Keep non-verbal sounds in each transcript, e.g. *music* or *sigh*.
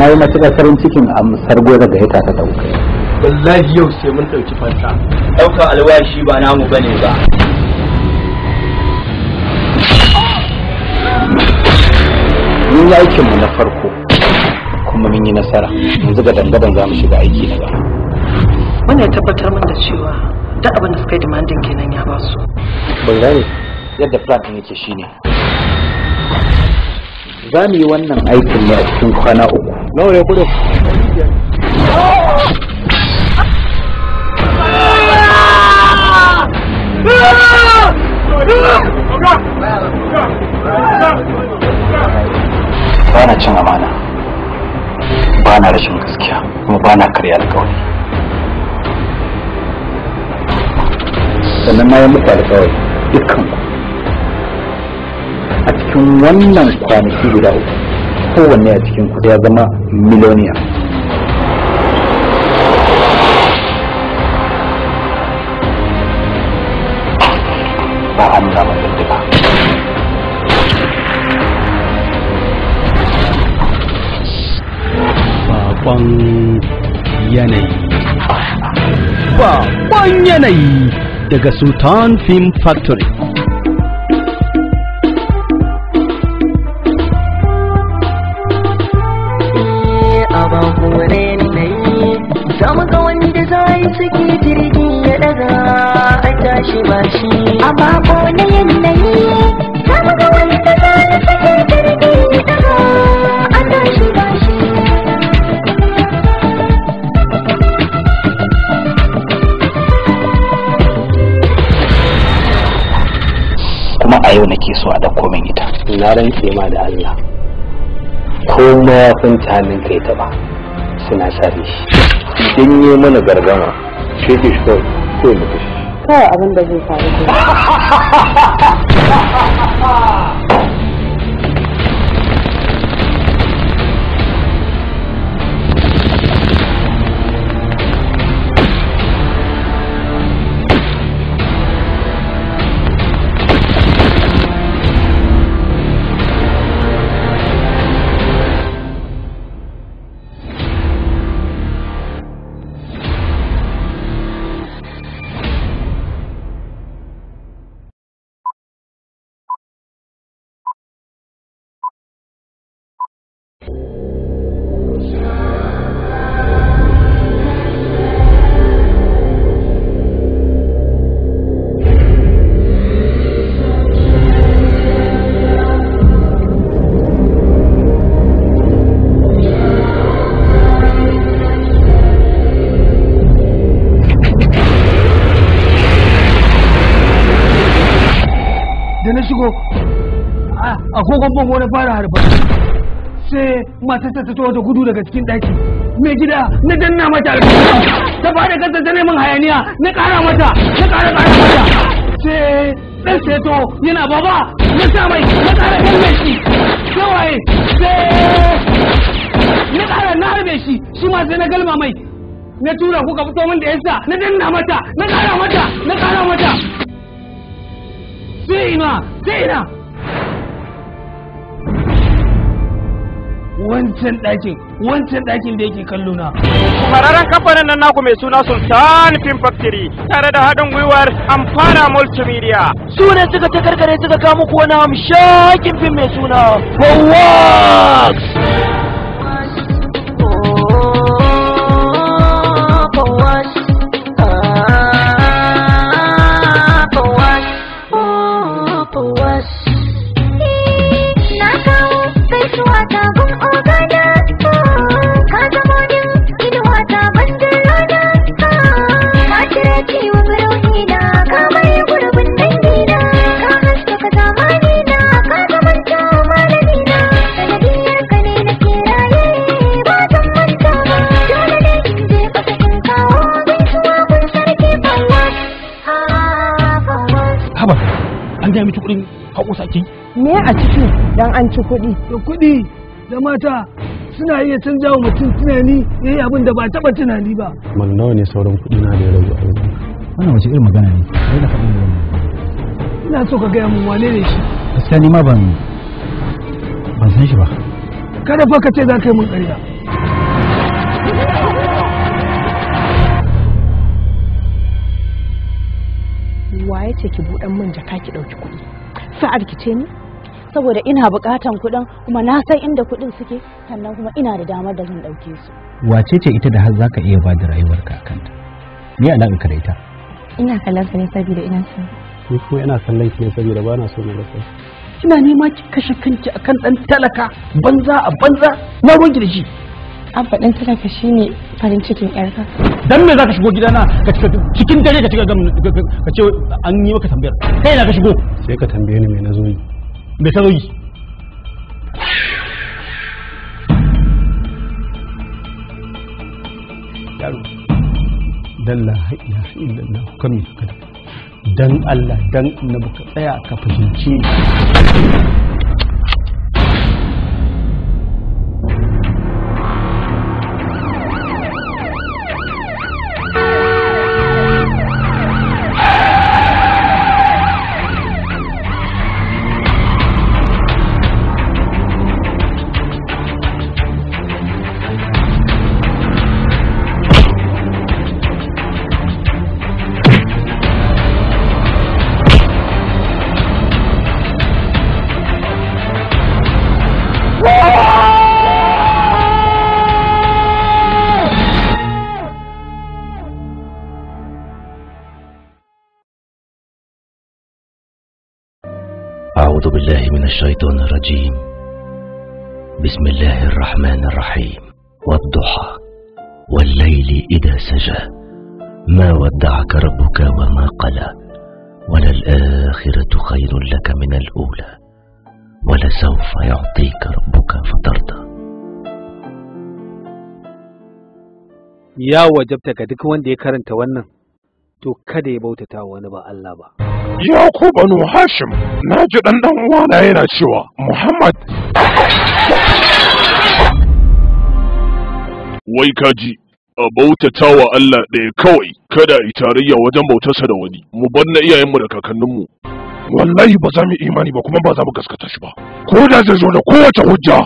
na yi matuƙar farin cikin amsar daga ya ita ta dauka wallahi yau sai mun ɗauki fanta ɗaukar alwashi ba namu ba ne ba mun yi aikinmu na farko kuma mun yi nasara yanzu ga dangadan za mu shiga aiki na gaba wannan ya tabbatar min da cewa duk abin da suka yi demandin kenan ya ba su ban yadda plan din yake shine za mu yi wannan aikin ne a cikin kwana uku N'o ne kudin Bana cin amana bana rashin gaskiya kuma bana na karya alkawari sannan na yi muku alkawari dukkan a cikin wannan kwanaki guda uku kowanne a cikin ku ya zama miloniya ba a ba yanayi bakon yanayi daga sultan film factory bashi bashi a bako na yanayi za mu ga wanda za ni sake da ki daga an bashi bashi kuma a yau nake so a da min ita na rantse ma da Allah ko mayafin talin kai ta ba suna sare shi idan yi mana gargama sai ke shi kawai ko mu kawai abin da zai faru *laughs* kogo na fara harfa sai matar ta fito gudu daga cikin daki mai gida na danna mata albarka ta fara kanta ta neman hayaniya na kara mata na kara kara mata sai ɗan seto yana baba na sa mai na kara kalmar shi sai sai na kara na harbe shi shi ma sai na galma mai na tura kuka fito min da yasa na danna mata na kara mata na kara mata sai ina sai ina wancan ɗakin wancan ɗakin da yake kallo na. Fararen kamfanin nan naku mai suna Sultan Film Factory tare da haɗin gwiwar Amfana Multimedia. Su ne suka ta karkare suka kamo na hamshakin fim mai suna Fowax. an ja miki kuɗin haƙo sake me a ciki dan an ci kuɗi da kuɗi da mata suna iya canja wa mutum tunani yayi abin da ba taɓa tunani ba man nawa ne sauran kuɗi na da ya rage a yau wannan wace irin magana ne sai da faɗin wannan ina so ka gaya mun wane ne shi gaskiya ni ma ban ban san shi ba kada fa ka ce za ka yi mun ƙarya ya ce ki buɗan min jaka ki ɗauki kuɗi sa'ar ki ce ni saboda ina buƙatan kuɗin kuma na san inda kuɗin suke sannan kuma ina da damar da zan ɗauke su wace ce ita da har za ka iya ba da rayuwarka a kanta me alaƙa ka da ita ina kallon ka ne saboda ina son ni kuma ina kallon ki ne saboda ba na so na rasa kina nema ki kashe kanki akan dan talaka banza a banza na rugirji abba ɗan talaka shi ne farin cikin ƴarka dan me za ka shigo gidana ka cikin dare ka cika ka ce an yi maka tambayar kai na ka shigo sai ka tambaye ni me na zo yi me ta zo yi yaro dalla haƙiya illallah kan mi kada dan Allah dan annabi ka tsaya ka fahimci الشيطان الرجيم بسم الله الرحمن الرحيم والضحى والليل إذا سجى ما ودعك ربك وما قلى وللآخرة خير لك من الأولى ولسوف يعطيك ربك فترضى يا وجبتك دك وين دي كرنت ونن to kada ya bautata wani ba Allah ba. Yakubu ku Hashim, na ji ɗan ɗan uwana yana cewa Muhammad. Wai kaji, a bautata wa Allah ɗaya kawai, kada a yi tarayya wajen bautarsa da wani, mu bar na iyayenmu da kakanninmu. Wallahi ba za mu imani ba kuma ba za mu gaskata shi ba, ko da zai zo da kowace hujja.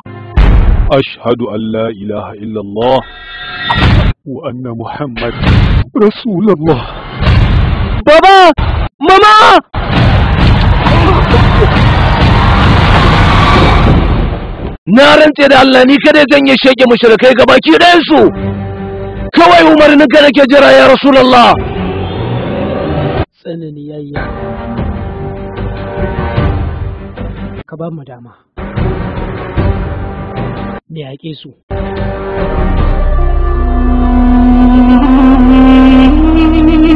Ashhadu an la ilaha illallah wa anna Muhammad Rasulullah. Baba! Mama! Na rantse da Allah ni kada yi shege mushrikai ga baki su. Kawai umarnin ka nake jira ya Rasulullah. Tsanani yayya. Ka ba mu dama. Me yaƙe su.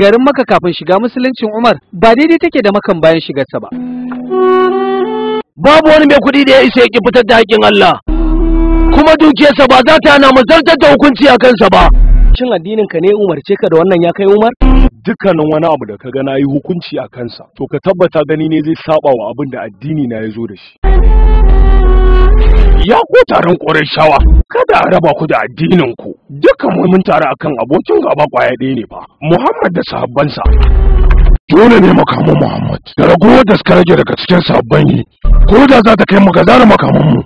garin maka kafin shiga musuluncin umar ba daidai take da makan bayan shigarsa ba babu wani mai kuɗi da ya isa ya fitar da haƙƙin Allah kuma dukiyarsa ba za ta hana zartar da hukunci a kansa ba shin addinin ka ne umarce ka da wannan ya kai umar dukkanin wani abu da ka ga yi hukunci a kansa to ka tabbata gani ne zai saba wa abin da addini na ya zo da shi ya ko taron shawa? kada a raba ku da addinin ku dukkan mu mun tare akan abokin gaba kwaya ɗaya ne fa Muhammad da sahabbansa dole ne makamin Muhammad da ragowar da suka rage daga cikin sabon yi ko da za ta kai mu gazara makamin mu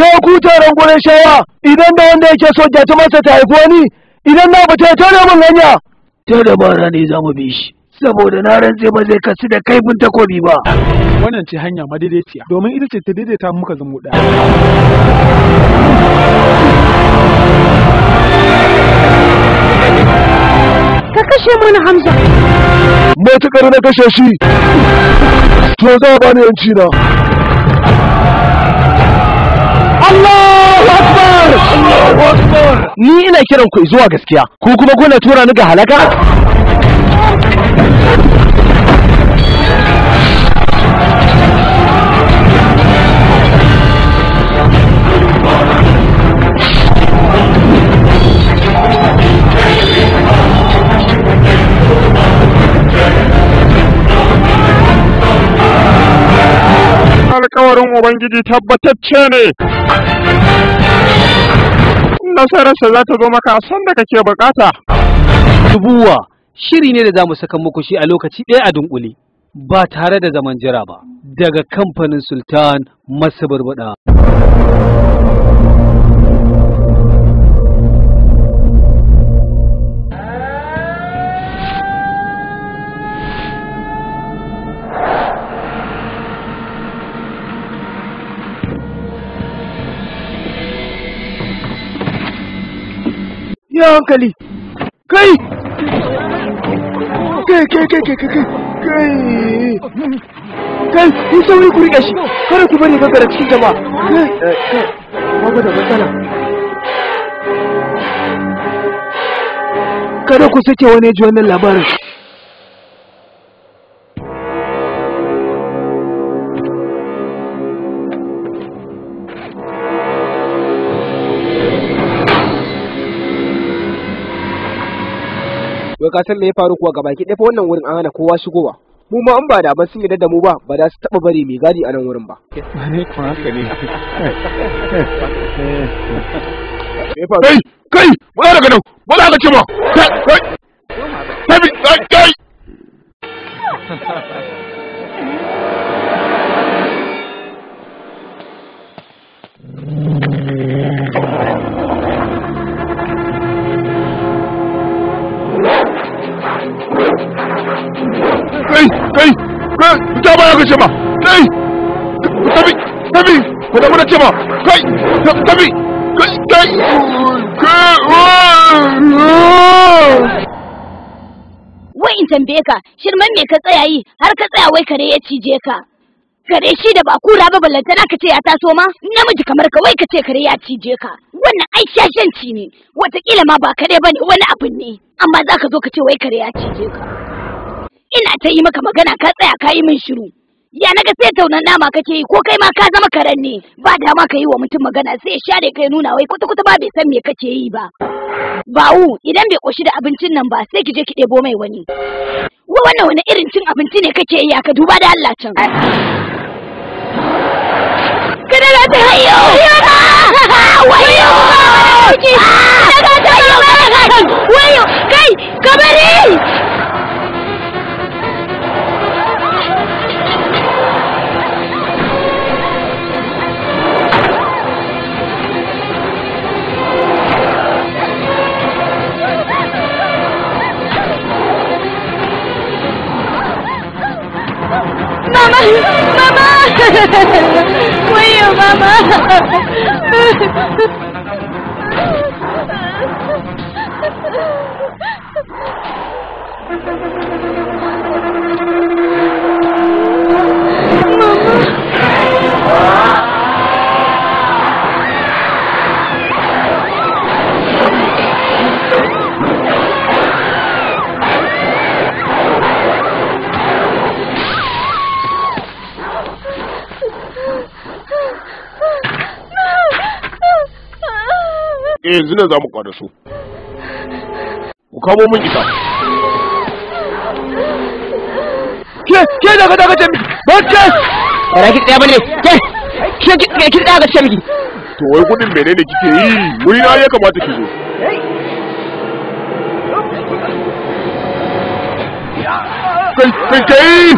ya ku taron shawa? idan da wanda yake so ta masa ta haifi wani idan na ba ta tare mun hanya Ta ba ne za mu bi shi saboda na rantse ba zai kasu da kaifin takobi ba wannan ce hanya madaidaiciya domin ita ce ta daidaita muka zama ɗaya ka kashe mana hamza Matuƙar na kashe shi to za a bani yanci na Allahu Ni ina kiran ku zuwa gaskiya, ku kuma kuna tura ni ga halaka? Ubangiji tabbatacce ne. Nasararsa za ta zo maka a sanda kake bukata. Dubuwa shiri ne da za mu saka muku shi a lokaci ɗaya a dunkule ba tare da zaman jira ba daga kamfanin Sultan Masu Barbada. mai hankali kai kai kai kai kai kai kai kai kai, kai, eh, kai, kai, kai, kai, kai, kai, kai, kai, kai, kai kai kai, kai, kai, kai, kai, kai, kai, kai, kai, kai ka san me ya faru kuwa gabaki ɗaya wannan wurin an hana kowa shigowa mu ma an ba da ban sun yi da mu ba ba za su taba bari mai gadi a nan wurin ba *laughs* kai kai ba daga nan ba za ka kai kai kai *laughs* kai kai kai ta baya ka ce ba! kai tabi tabi ku da muna ce kai tabi kai kai kai wai in tambaye ka shirman me ka tsaya yi har ka tsaya wai kare ya cije ka kare shi da ba kura ba ballantana ka ce ya taso ma namiji kamar ka wai ka ce kare ya cije ka wannan ai shashanci ne watakila ma ba kare bane wani abu ne amma za ka zo ka ce wai kare ya cije ka ina ta yi maka magana ka tsaya ka yi min shiru ya naga sai taunan nama kake yi ko kai ma ka zama karen ne ba dama ka yi wa mutum magana sai ya share kai nuna wai kuta kuta ba bai san me kake yi ba bawu idan bai koshi da abincin nan ba sai ki je ki debo mai wani wa wannan wani irin cin abinci ne kake yi ka duba da Allah can kada za ta hayo wayo wayo kai kabari 妈妈，我也有妈妈。*laughs* eh yanzu ne za mu kwada su ku kamo mun ita ke ke daga daga ta bacce bara ki tsaya bane ke ke ki ki daga ta to wai gudun menene kike yi wuri na ya kamata ki zo kai kai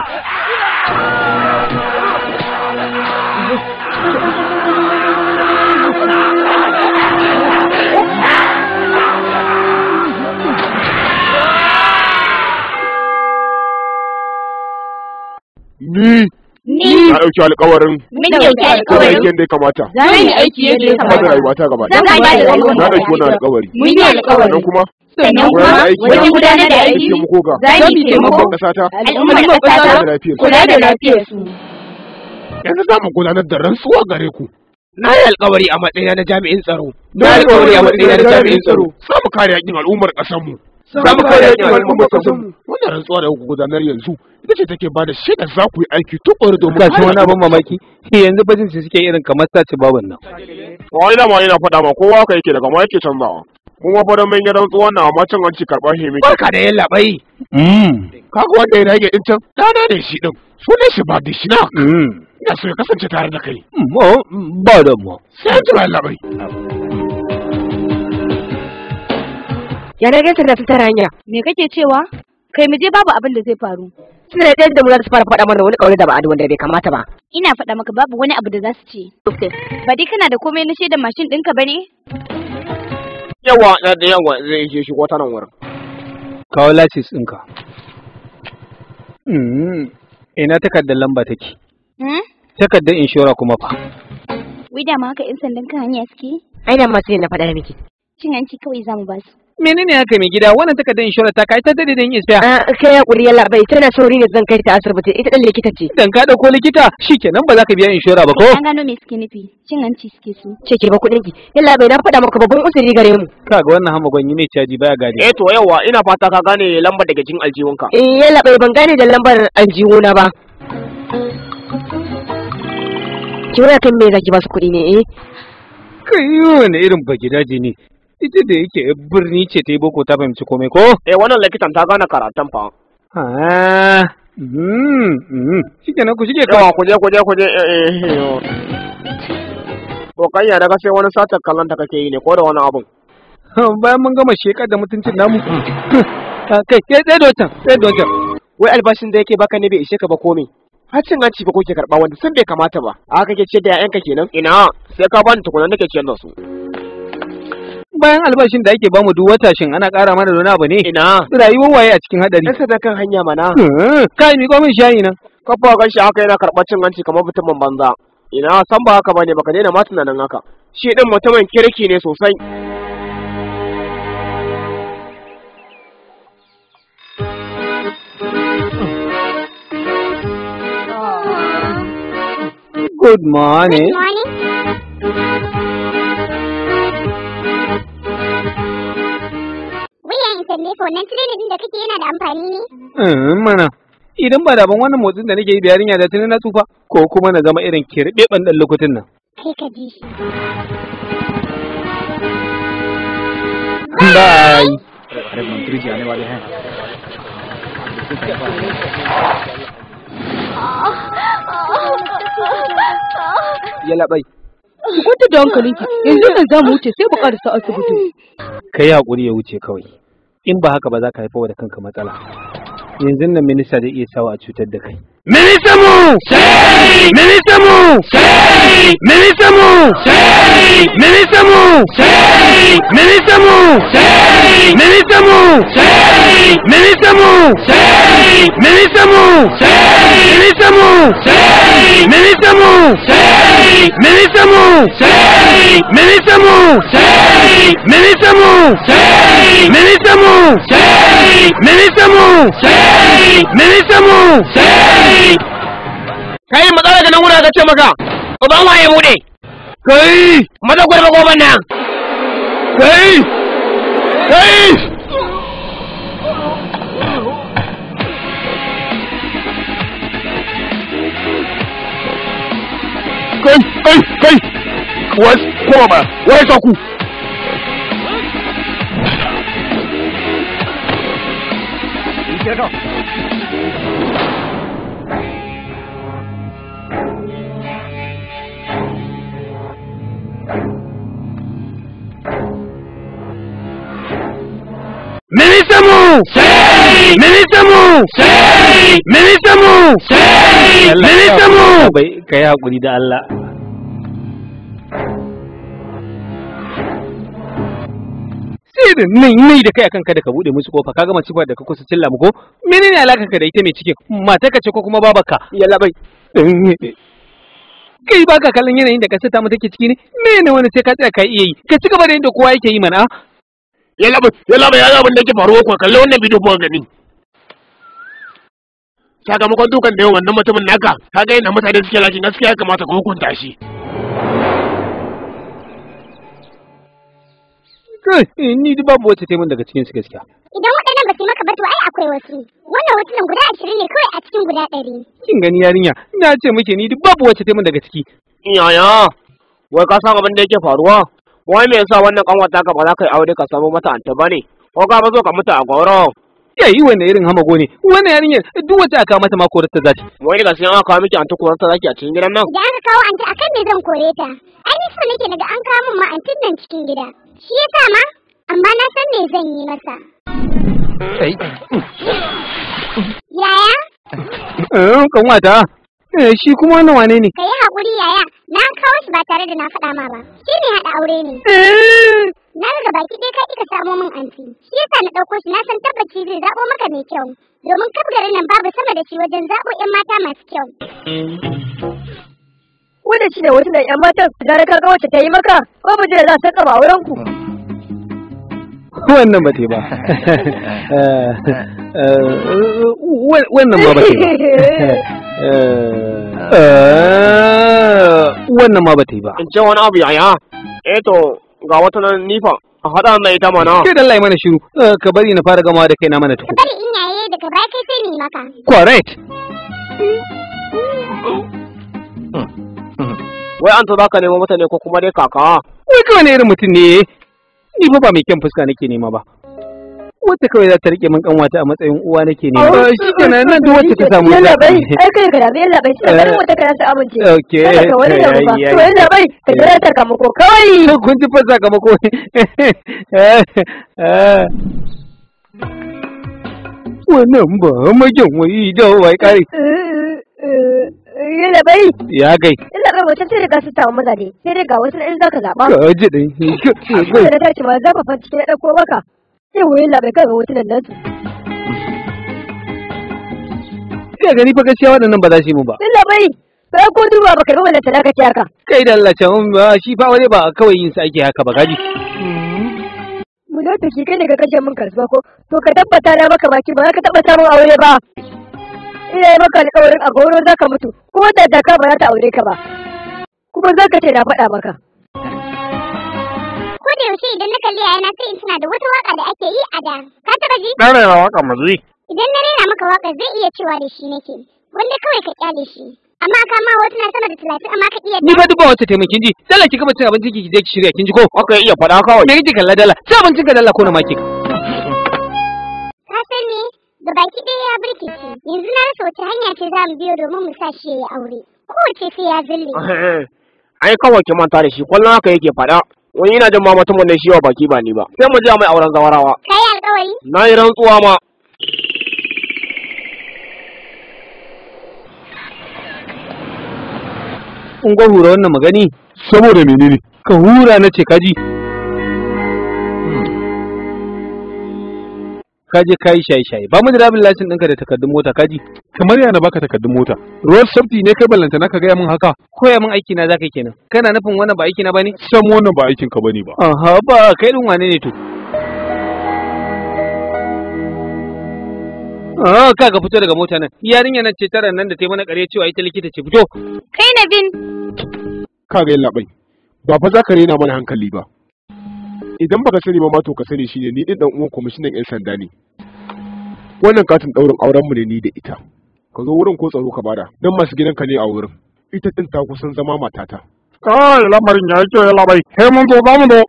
Ni. Ni. Na dauki alƙawarin. Mun ɗauki alƙawarin. yi kamata. Zan yi aiki yadda ya kamata. gaba. Zan Na ɗauki wannan alƙawari. Mun yi alƙawarin. Sannan kuma. sannan kuma wajen gudanar da aiki zan yi taimako al'ummar ƙasa kula da su. Yanzu za mu gudanar da rantsuwa gare ku. Na yi alkawari a matsayina na jami'in tsaro. Na yi a matsayina na jami'in tsaro. Za mu kare yakin al'ummar ƙasarmu. Za kare yakin al'ummar ƙasarmu. wannan rantsuwa da gudanar yanzu ita ce take bada shaida za ku yi aiki tukuri domin ka wani abin mamaki shi yanzu bajin su suke irin kamar sace baban nan wani da ma yana faɗa ma kowa ka yake daga ma yake canzawa kuma fa dan manyan rantsuwa na ma cin hanci karɓar shi barka da yalla bai mm. kaga wanda yana yake din can dana ne shi din sunan shi ba da shi na mm. ina so ya kasance tare da kai mm, oh, ba da mu sai jira yalla bai yanar da ta tafi ta ranya me kake cewa kai mu je babu abin da zai faru kina da yadda mu za su fara faɗa mana wani kauri da ba a wanda bai kamata ba ina faɗa maka babu wani abu da za su ce ba dai kana da komai na shaidar mashin ɗinka ba ne yawa na da yawa zai ishe shi wata nan wurin kawo lasis ɗinka mm-hmm. ina takardar lamba take hmm? takardar inshora kuma fa wai da ma haka in sandan kan hanya suke ai da ma sai na faɗa miki cin hanci kawai mu ba su menene haka mai gida wannan takardar inshora ta kai ta dade da yin isfiya a ah, kai ya kuri yalla bai tana sauri ne zan kai ta asibiti ita dan likita ce dan ka dauko likita shikenan ba za ka biya inshora ba ko an gano me suke nufi cin hanci suke so ce ki ba kudin ki yalla bai na faɗa maka babban usuri gare mu ga wannan hamagon yi ne caji baya gari. eh to yawa ina fata ka gane lambar daga jin aljiwonka eh yalla bai ban gane da lambar aljiwona ba ki wura kan me zaki ba su kuɗi ne eh kai wani irin baki ne ita da yake birni ce ta yi boko ta fahimci komai ko eh wannan likitan ta gane karatun fa hmm, hmm. shike na ku shige kawa kuje kuje kuje eh, eh, eh, kokayya daga sai wani satar kallon ta kake yi ne ko da wani abun *laughs* bayan mun gama shekar da mutuncin namu *laughs* ah, kai kai tsaye da wancan tsaye da wancan wai albashin da yake baka ne bai ishe ka ba komai hacin hanci ba kuke karɓa wanda sun bai kamata ba a kake ce da 'ya'yanka kenan ina sai ka bani tukunan nake ciyar da su bayan albashin da ake bamu duk wata shin ana ƙara mana wani abu ne ina rayuwar waye a cikin hadari sai da kan hanya mana eh, kai mi komai shayi nan kafa ga shi haka yana karɓar cin hanci kamar mutumin banza ina san ba haka bane baka daina ma tunanin haka shi din mutumin kirki ne sosai Good morning. Good morning. ina in tambaye ka wannan training din da kake yana da amfani ne? Eh, mana idan ba ban wannan motsin da nake yi da yarinya da tuni na tufa ko kuma na zama irin kirɓeɓen ɗan lokutan nan. Kai ka ji shi. Bye. yala bai ku kwanta da hankalinki yanzu nan za mu wuce sai mu karasa asibiti kai haƙuri ya wuce kawai in ba haka ba za ka haifar da kanka matsala yanzu nan minista zai iya sawa a cutar da kai minista mu sai minista mu sai minista mu sai minista mu sai minista mu sai minista mu sai mu! ¡Sí! ¡Sí! ¡Sí! ¡Sí! ¡Sí! ¡Sí! ¡Melissa ¡Sí! ¡Melissa ¡Sí! ¡Melissa ¡Sí! kai ce maka kai kai kai kai wai kuma ba wai ka ku Ministre mu! Sai! Ministre mu! Sai! Ministre mu! Kai haƙuri da Allah. menene ne da kai akan kada ka bude musu kofa kaga mace da ka kusa cilla mu ko menene alakan ka da ita mai cike mata ka ce ko kuma babarka yalla bai eh, eh, eh. kai ba ka kallon yanayin da ka sita mu take ciki ne menene wani sai ka tsaya ka iya yi ka ci gaba da yadda kowa yake yi mana ah? yalla bai yalla bai yaga abin da yake faruwa ko kallon wannan bidiyo ba gani sakamakon dukan da yawan wannan mutumin naka kaga yana mutane suke lakin gaskiya ya kamata ka hukunta shi Eh, ni duk babu wacce taimun daga cikin su gaskiya idan waɗannan ba su maka ba to ai akwai wasu wannan hotunan guda ashirin ne kawai a cikin guda ɗari kin gani yarinya ina ce muke ni duk babu wacce taimun daga ciki yaya wai ka san abin da yake faruwa wai me yasa wannan kanwata ka ba za ka yi aure ka samu mata anta ba ne ko ka ba zo ka mutu a goro ya yi wannan irin hamago ne wannan yarinyar duk wacce aka mata ma korar ta zaki wai daga sai an kawo miki anta korar ta zaki a cikin gidan nan da aka kawo anta akan me zan kore ta ai ni so nake daga an kawo min ma antin nan cikin gida Shi ya sa ma, amma na san me zan yi masa. Yaya? Eh, kanwata, eh, shi kuma wannan wane ne? Ka yi haƙuri yaya, na kawo shi ba tare da na faɗa ma ba. Shi ne haɗa aure ne. Eh. Na riga baki dai ka samo min anti. Shi yasa na ɗauko shi na san tabbaci zai zaɓo maka mai kyau. Domin kaf nan babu sama da shi wajen zaɓo 'yan mata masu kyau. wanda ne hotunan yan matan da na kaga wacce ta yi maka ko ba da za ta kaba auren ku wannan ba ba eh, eh, wannan ba ba *laughs* eh, wannan ma ba ta yi ba in ce wani abu yaya eh to ga wata nan nifa a haɗa na ita mana ke dan lai mana shiru ka bari na fara gamawa da kai na mana tuku bari in yaye daga baya kai sai ni maka correct hmm. Hmm. wai an to za ka nemo mutane ko kuma dai kaka wai kawai ne irin mutum ne ni fa ba mai kyan fuska nake nema ba wacce kawai za ta rike min kanwata a matsayin uwa nake nema ba oh, shi kenan nan duk wacce ta samu yalla bai ai kai ka dabe yalla bai shi kan wata amince okay ka wani da eh, ba eh, to yalla eh, bai ka jira ta kamako kawai to *laughs* kun ji fa sakamako *laughs* wannan ba magen wai da wai kare Yalla bai. Ya gai. Ina bai wata sai riga su tawo maza ne. Sai dai ga wasu in zaka zaba. Ka ji dai. Bai da tace ma zaba fa cikin dauko maka. Sai wai yalla bai kai hotunan nan. su. Ina gani fa gaskiya waɗannan ba za su yi mu ba. Yalla bai. Sai ko duba baka ga wannan talaka ce haka. Kai da Allah can shi fa wani ba kawai yin su ake haka ba gaji. Munafiki kai ne ga kashe min karsuwa ko to ka tabbata na maka baki ba ka tabbata min aure ba. iya yi maka alƙawarin a goro za ka mutu kuma da daka ba za ta aure ka ba kuma za ka ce na faɗa maka. Ko da yaushe idan na kalli yayana sai in tuna da wata waka da ake yi a da ka taɓa ji? Na waka Idan na raina maka waka zai iya cewa da shi nake wanda kawai ka kyale shi. Amma ka ma wata na sama da talatin amma ka iya. Ni ba duba wata taimakin ji dala ki gama cin abinci ki je ki shirya kin ji ko? Aka iya faɗa kawai. Me kike kalla dala? Ci abincin ka dala ko na maki. Ka san ni da baki ɗaya ya birkice yanzu na rasa wace hanya ce za mu biyo domin mu sa shi ya yi aure kowace sai ya zille. Eh, eh, eh. ai kawai ki manta da shi kwallon haka yake faɗa wani yana jin ma mutumin da shi wa baki ba ni ba sai mu je mai auren zawarawa. kai alƙawari. na yi rantsuwa ma. in hura wannan magani saboda menene ka hura na ce kaji ka kai ka yi shaye-shaye ba mu da rabin lashin ɗinka da takardun mota kaji. kamar yana baka takardun mota road safety ne kai ballanta na ka gaya min haka koya min aiki na zaka kenan kana nufin wannan ba aiki na bane san wannan ba aikin ka bane ba aha ba kai din wane ne to Ah, ka ka fito daga mota nan. Yarinya nan ce tara nan da ta yi mana kare cewa ita likita ce fito. Kai na bin. Ka ga bai. Ba fa za ka rena mana hankali ba. idan baka sani ba ma to ka sani shine ni din dan uwan kwamishinan yan sanda ne wannan katin daurin auren mu ne ni da ita ka zo wurin ko tsaro ka bada dan masu gidanka ne a wurin ita din ta kusan zama matata kai lamarin ya yake ya labai sai mun zo zamu zo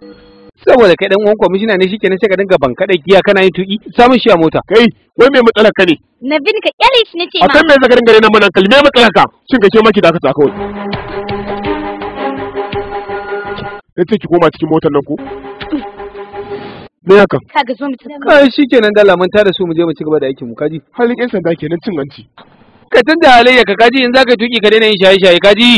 saboda kai dan uwan commissioner ne ne sai ka dinga banka da giya kana yin tuki samun shi a mota kai wai me matsalar ka ne na bin ka kyalish shi nace ma akan me zaka dinga rena mana kalme matsalar ka shin ce maki da ka tsaka wai na ce ki koma cikin motar nan ko me hakan kaga zo mu kai shikenan dala mun tada su mu je mu ci gaba da aikin mu kaji halin yan sanda kenan cin hanci ka tunda halayya ka kaji in zaka tuki ka daina yin shaye-shaye kaji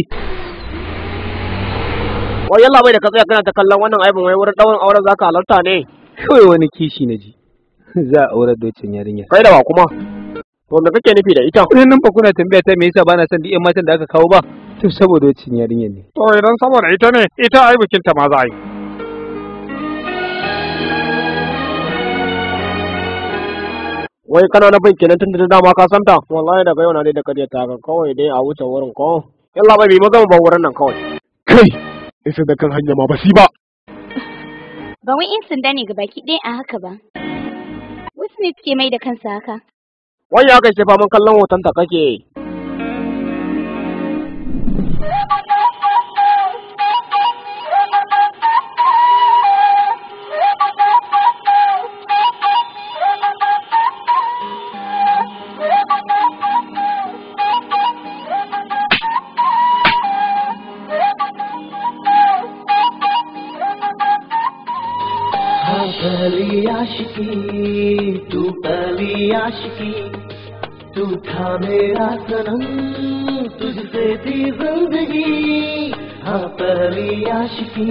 wai yalla bai da ka tsaya kana ta kallon wannan aibin wai wurin dawon auren zaka halarta ne kai wani kishi na ji *laughs* za a aure docin yarinya kai da wa kuma To me kake nufi da ita? Kullum nan ba kuna tambaya ta me yasa bana son duk matan da aka kawo ba? To saboda wacin yarinya ne. To idan saboda ita ne, ita ai bikin ta ma za a yi. Wai kana na bin kenan tun da dama ka santa? Wallahi daga yau na dai da kariya ta kawai dai a wuce wurin ko. Yalla bai bi magana ba wurin nan kawai. Kai, isa da kan hanya ma ba si ba. ba wai in sanda ne ga baki ɗaya a haka ba. Wasu ne suke mai da kansa haka. waya ya kai fa mun kallon hoton ta kake पहली आशिकी tu पहली आशिकी तू था मेरा सनम तुझसे थी जिंदगी हाँ पहली आशिकी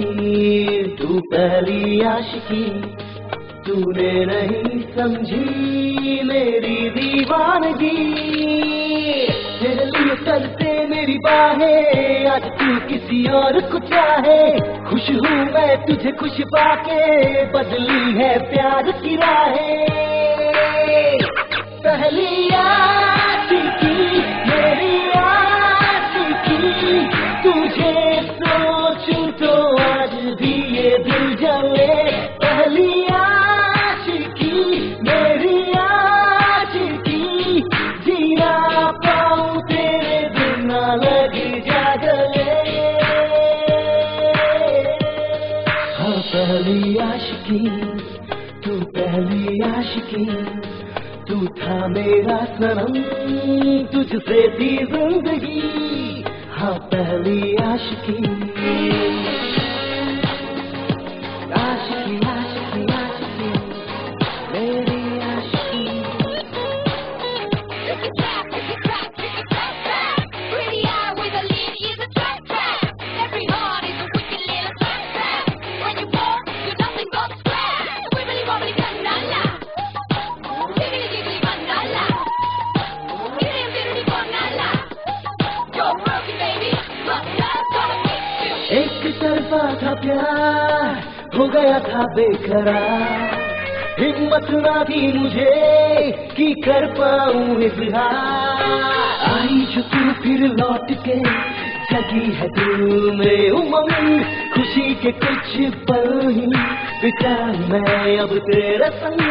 तू पहली आशिकी तूने नहीं समझी मेरी दीवानगी तेरे लिए करते मेरी बाहे आज तू किसी और को चाहे खुश हूँ मैं तुझे खुश पाके बदली है प्यार की राहें पहलिया मेरा सनम तुझसे दी जिंदगी हाँ पहली आशिकी एक तरफा था प्यार हो गया था बेकरार हिम्मत ना दी मुझे कि कर पाऊ आई जो तू फिर लौट के जगी है दिल में उमंग खुशी के कुछ पल ही बिता मैं अब तेरा संग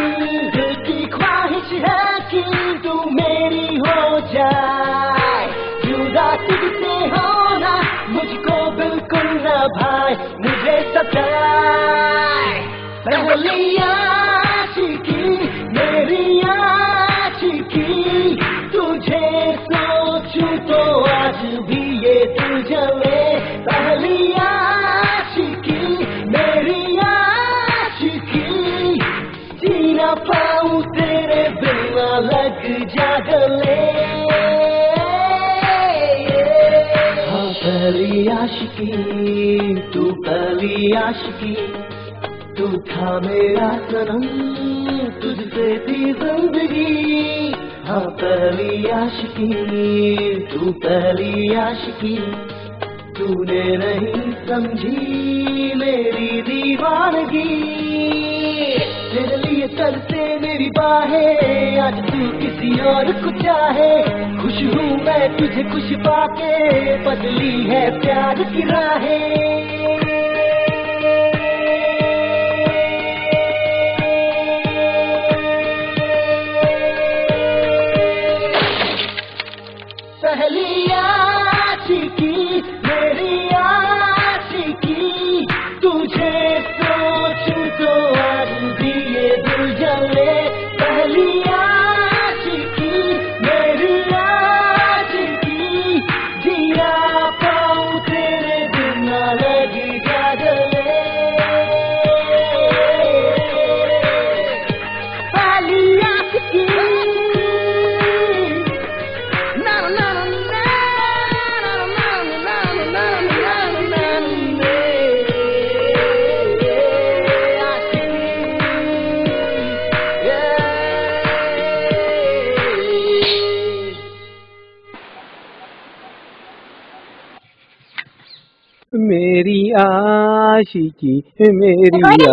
दिल की ख्वाहिश है कि तू मेरी हो मैं बोलिया मेरी चिकी तुझे सोचू तो आज भी ये तुझ पहलिया चिकी मेरी चिकी जी ना तेरे बिना लग जा पहली आशिकी तू पहली आशिकी उठा मेरा सनम तुझसे थी जिंदगी हाँ पहली आशिकी तू पहली आशिकी तूने नहीं समझी मेरी दीवानगी तेरे लिए तरसे मेरी बाहे आज तू किसी और को चाहे खुश हूँ मैं तुझे खुश पाके बदली है प्यार की राहें ashiki meriya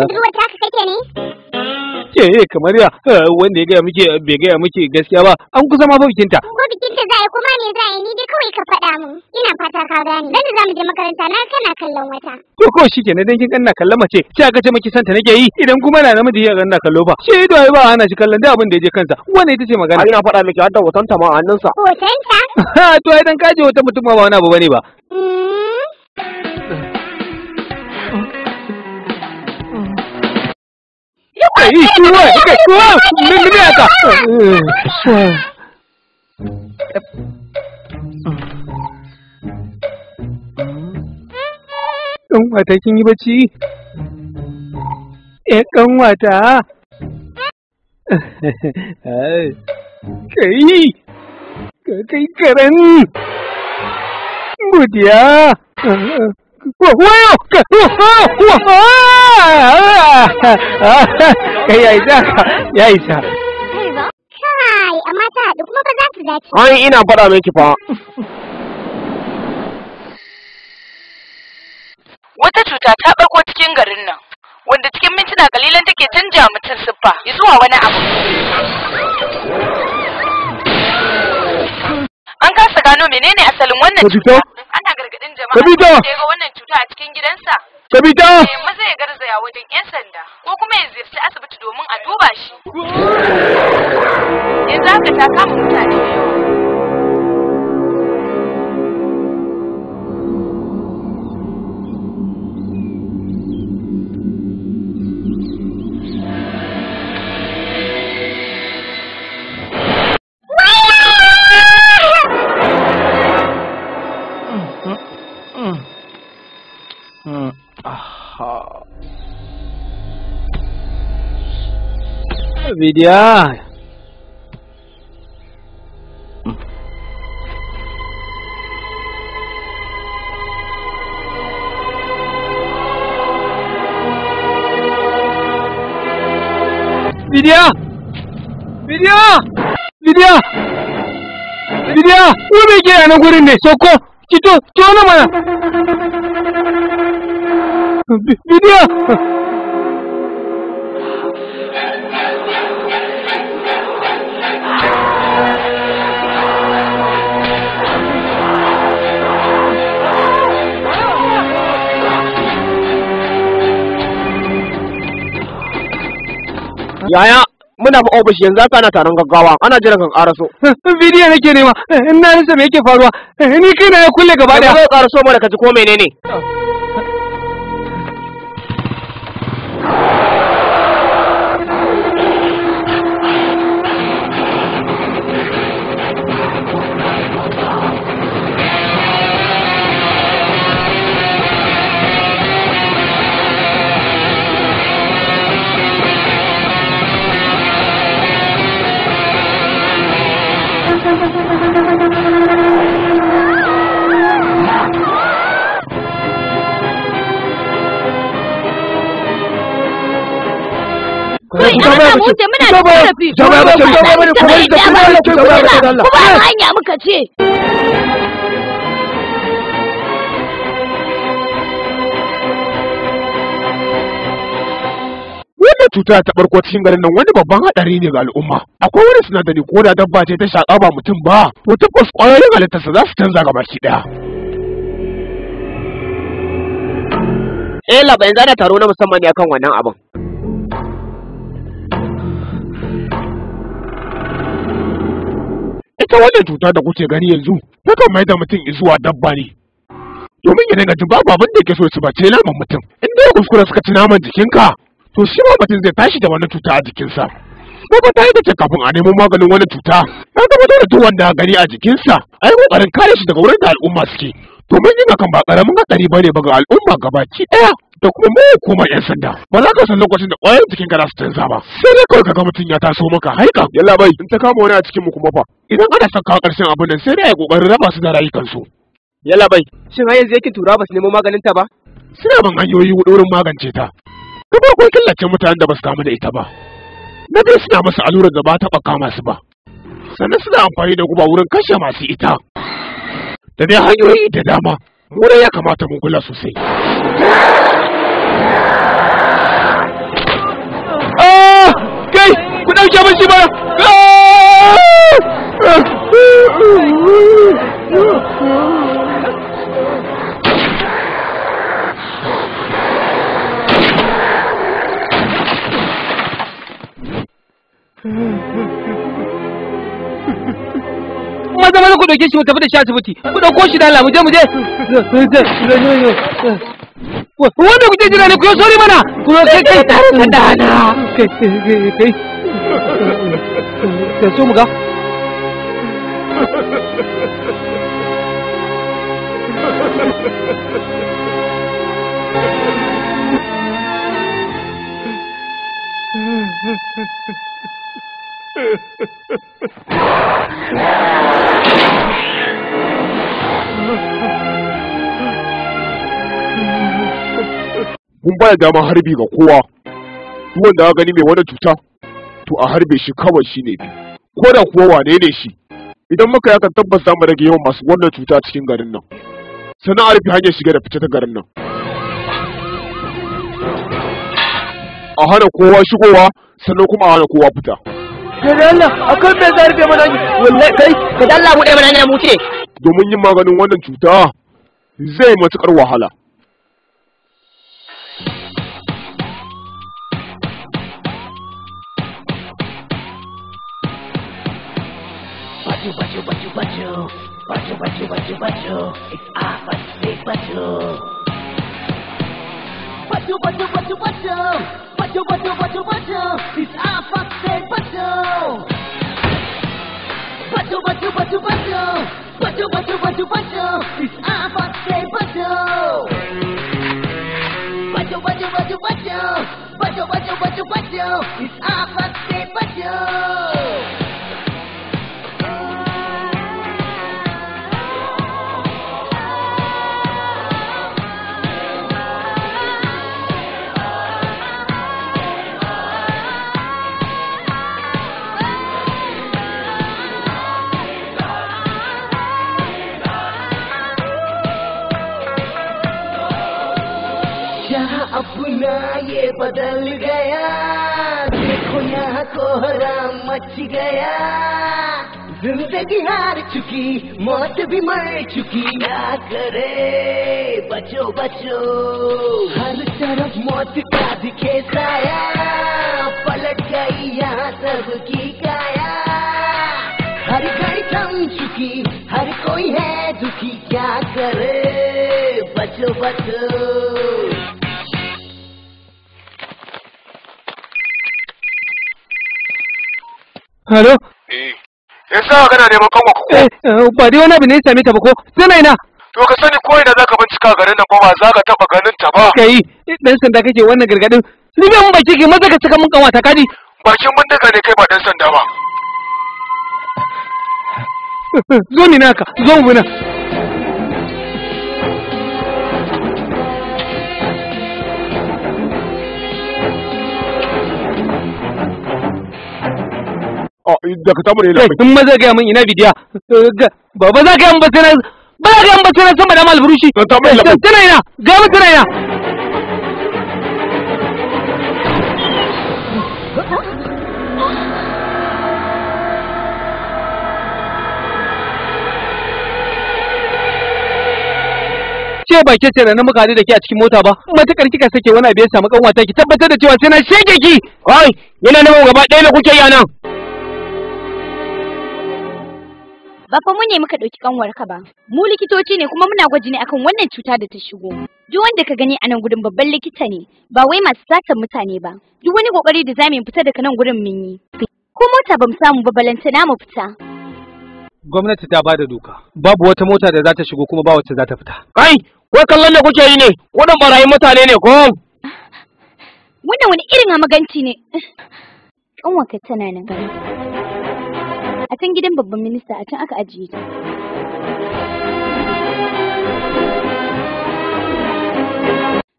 eh, kamar ya eh, wanda ya gaya muke bai gaya muke gaskiya ba an kusa ma ba bikinta ko bikinta za a kuma ne za a ni dai kawai ka faɗa mu ina fata ka gane dan za mu je makaranta na kana kallon wata Ko ko shike ne dan kin kanna kallon mace sai aka ce miki santa nake yi idan kuma na namiji ya ganna kallo ba shi ido ai ba ana shi kallon da abin da je kansa Wanne ita ce magana ina faɗa miki har da ma a ma hannunsa hoton ta *laughs* to ai dan kaje wata mutum ma ba wani abu bane ba Kẻ cua, kẻ cua, nên đến đẹp à? Ông ngoại thấy kinh như bà chị. ông ngoại trả. *laughs* Cái gì? Cái cái cái bên. Bụt à? Ừ, ừ. ya *laughs* ina faɗa miki fa wata cuta ta ɓarko cikin garin nan wanda cikin mintuna kalilan take canja mutum siffa zuwa wani abu an kasa gano menene asalin wannan cuta gargadin jama'a da ya ga wannan cuta a cikin gidansa Kabita! Eh, Yamma zai garzaya wajen 'yan sanda ko kuma ya ziyarci asibiti domin a duba shi. Yanzu haka ta kama mutane da yawa. Ha. Vidya. Vidya! Vidya! Vidya! Vidya! Ube ke nan gurin ne, soko! Git o, canım bana. Video. Yaya muna fi ofishi yanzu haka ana taron gaggawa ana jiran kan karaso eh, bidiyo nake nema eh, in na me yake faruwa eh, ni kai na ya kulle gaba ya ka karaso mana ka ji ko menene oh. wannan cuta ta barko cikin garin nan wani babban haɗari ne ga al'umma akwai wani sinadari ko da dabba ce ta shaƙa ba mutum ba to tabbas ƙwayoyin halittarsa za su canza ga baki ɗaya eh labarin zana taro na musamman ne akan wannan abin ita wannan cuta da kuke gani yanzu takan mai da mutum zuwa dabba ne domin ya dinga jin babu abin da yake so su bace naman mutum in dai kuskure suka ci naman jikinka to shi ma mutum zai tashi da wani cuta a jikinsa kuma ta yi da kafin a nemo maganin wani cuta ya gaba da duk wanda gani a jikinsa a yi kokarin kare shi daga wurin da al'umma suke domin yin kan ba karamin hatsari bane ba ga al'umma gabaki ɗaya da kuma mu kuma yan sanda ba za ka san lokacin da ƙwayar cikin ka za su canza ba sai dai kawai kaga mutum ya taso maka haika yalla bai in ta kama wani a cikin mu kuma fa idan ana son kawo ƙarshen abin nan sai dai a ƙoƙarin raba su da rayukansu yalla bai shin har yanzu yake tura ba su nemo maganin ta ba suna ban hanyoyi wurin magance ta na farko killace mutanen da ba su kamu da ita ba na biyu suna masa allurar da ba taɓa kama su ba sannan suna amfani da guba wurin kashe masu ita da dai hanyoyi da dama wurin ya kamata mu kula sosai ah, kai ku ɗauke mun shi ba Mm-hmm. Ah! maza zama ku dauke shi mu tafi da shi asibiti ku dauko shi da Allah mu je wanda kuke jira ne ku sori mana ku kai kai tare da dana kai kai so mu ga Yeah. *laughs* kun da damar harbi ga kowa duk wanda gani mai wani cuta to a harbe shi kawai shi ne ko da kuwa wane ne shi idan muka yakan tabbas za mu rage yawan masu wannan cuta cikin garin nan sannan a rufe hanyar shiga da fita ta garin nan a hana kowa shigowa sannan kuma a hana kowa fita Allah akan me za rufe mana wallahi kai kada Allah mu dai mana ne mu ce domin yin maganin wannan cuta zai matukar wahala What you, what you, what you, what you? Ah, it's I, what you, it's what you. What you, what you, what you, what you? What you, what you, what you, what you? Ah, it's I, what you, what you. What you, what you, what you, what you? What you, what you, what you, what ah, you? It's I, what you, what you. What you, what you, what you, बदल गया देखो यहाँ कोहरा मच गया जिंदगी हार चुकी मौत भी मर चुकी क्या करे बचो बचो हर तरफ मौत का दिखे साया पलट गई यहाँ की काया हर घर थम चुकी हर कोई है दुखी क्या करे बचो बचो Halo? Eh, sa kana neman kanwa ko? Eh, eh, ba dai wani abu ne ya same ta ba ko? Sai na. To ka sani ko ina zaka bincika garin nan ko ba za ka taba ganin ta ba. Kai, dan sanda kake wannan gargadin. Ni ban baki ke maza ka saka mun kanwa ta kadi. Bakin mun daga ne kai ba dan sanda ba. *laughs* Zo ni naka, zo mu na. Oh, da ka tamu zai gaya min ina bidiya eh, ba za ka yan batana ba za ka yan batana sama da tana ina ga ina ce ba ke na muka da ke a cikin mota ba matakar kika sake wani abu ya samu kanwata ki tabbatar da cewa sai na shege ki ai yana nan gaba ɗaya na kuke yana Ba fa mun ne muka ɗauki ka ba. Mu likitoci ne kuma muna gwaji ne akan wannan cuta da ta shigo. Duk wanda ka gani a nan gudun babban likita ne, ba wai masu satar mutane ba. Duk wani kokari da zamu fita daga nan gudun mun yi. Ko mota bamu samu ba balantana mu fita. Gwamnati ta bada doka. Babu wata mota da za ta shigo kuma ba wacce za ta fita. Kai, wai kallon da kuke yi ne? Wadan barayin mutane ne ko? Wannan wani irin amaganci ne. ka tana nan. a can gidan babban minista a can aka ajiye ta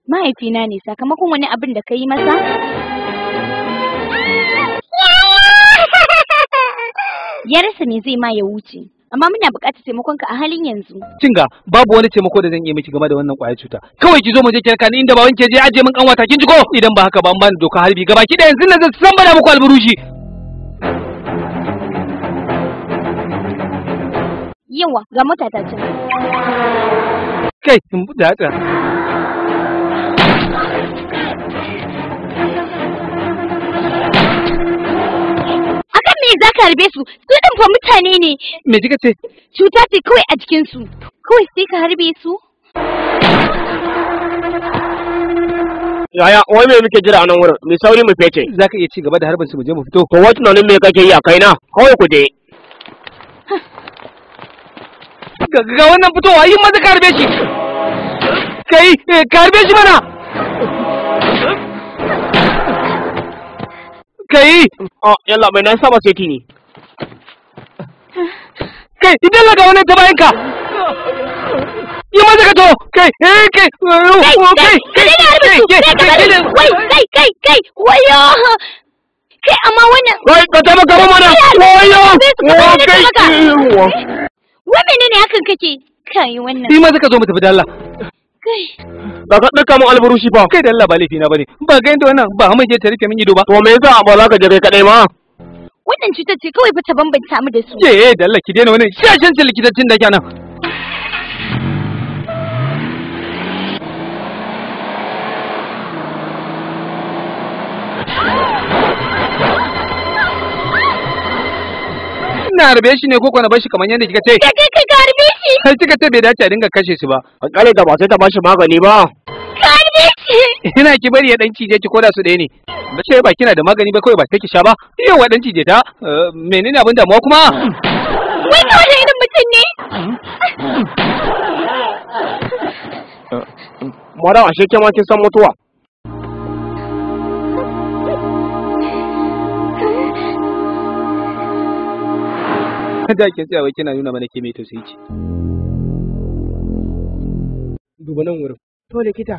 mahaifina ne sakamakon wani abin da ka yi masa ya rasa zai ma ya wuce amma muna buƙatar taimakonka a halin yanzu ga babu wani taimako da zan iya miki game da wannan ƙwayar cuta kawai ki zo mu je ki raka ni inda ba wanke je aje min kanwata kin jiko? idan ba haka ba an bani doka harbi gaba ki da yanzu nan zan san bana muku alburushi Yawa ga mota ta can. Kai, in buɗe A kan me za ka harbe su? Su ɗin fa mutane ne. Me kika ce? Cuta ce kawai a jikinsu. Kawai sai ka harbe su. yaya wai me muke jira nan wurin mai sauri mu fece za ka iya ci gaba da harbin su mu je mu fito ko tunanin nan me kake yi a kaina kawai ku je ga wannan fitowa yi maza karbe shi kai karbe shi mana kai yalla mai nan saba seti ne kai idan ga wannan ta bayan ka yi maza ka to kai kai kai kai kai kai kai kai kai Kai. kai amma wannan kai ka taimaka mana wayo kai Wai menene hakan kake? Kai wannan. Ni ma zaka zo mu tafi dalla. Kai. Ba ka ɗauka mun alburushi ba. Kai dalla ba laifi na bane. Ba ga yanda wannan ba mu je ta rufe min ido ba. To me yasa ba za ka je kai kadai ma? Wannan cutar ce kawai ba ta bambanta mu da su. Eh dalla ki daina wannan shashin likitancin da ke nan. na harbe shi ne ko na bar shi kamar yadda kika ce da ka harbe shi Kai kika ce bai dace a dinga kashe shi ba an kare da ba sai ta bashi magani ba ka harbe shi ina ki bari ya dan cije ki koda su ɗaya ne ba ce ba kina da magani ba kawai ba sai ki sha ba wa dan cije ta eh, menene abin damuwa kuma wai ka wani irin mutum ne Mara ashe ke ma kin san mutuwa. *laughs* da ke tsaya tsayawa kina nuna mana ke mai tausayi ce duba nan wurin to likita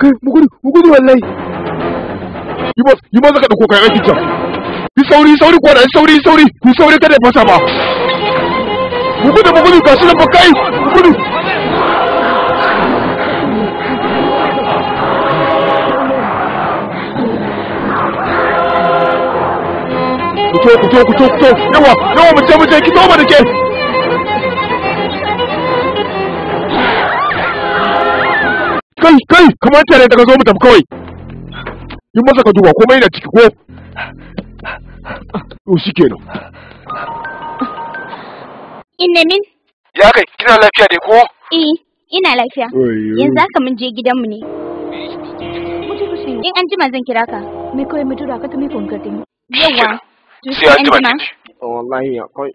kai mu gudu mu gudu wallahi yi ba yi ba zaka dauko kayan aikin can yi sauri sauri ko da sauri sauri yi sauri kada ya fasa ba mu gudu mu gudu gashi nan ba kai mu gudu fito fito fito fito yawa yawa mu je mu je ki zo mu da ke kai kai kamar tare daga zo mu tafi kawai in masa ka duba komai da ciki ko to shi kenan inna min ya kai kina lafiya dai ko eh ina lafiya yanzu aka mun je gidan mu ne in an jima zan kira ka me kawai mu tura ka ta mi yawa Sio anti matiti. Wallahi akwai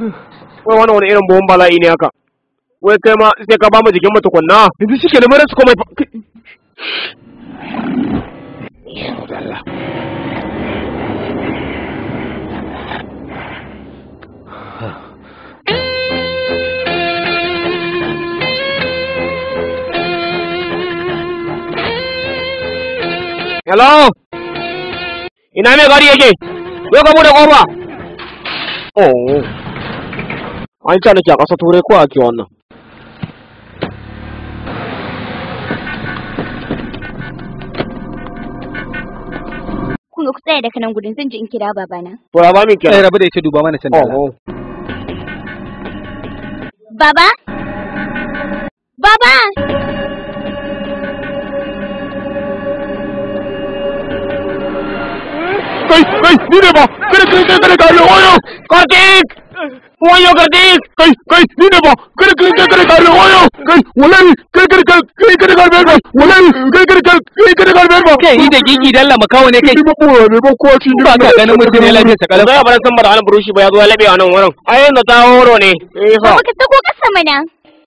Whew. wai wani wani irin buhun bala'i ne haka wai kai ma sai ka ba mu jikin mu tukunna yanzu shi ke da mara su kuma Hello? Ina mai gari yake? Yau ka bude kofa. Oh. an ca nake a ƙasa turai ko ake wannan kun ku tsaya daga nan gudun zan ji in kira babana to ba min kira eh, rabu da yace duba mana can oh, oh. baba baba kai kai ni ne ba kada kai kai kada kai oyo kartik oyo kartik kai kai ni ne ba kada kai kai kada kai oyo kai wallahi kai kai kai kai kada kai bai kai kai kai kai kada kai bai kai ni da gigi dalla makawo ne kai ni ba kowa ne ba kowa shi ba ka ganin mutum ne lafiya sakala za a bar san ba da burushi ba ya zo ya labe a nan wurin ai na horo ne eh fa ba ka tago kasa mana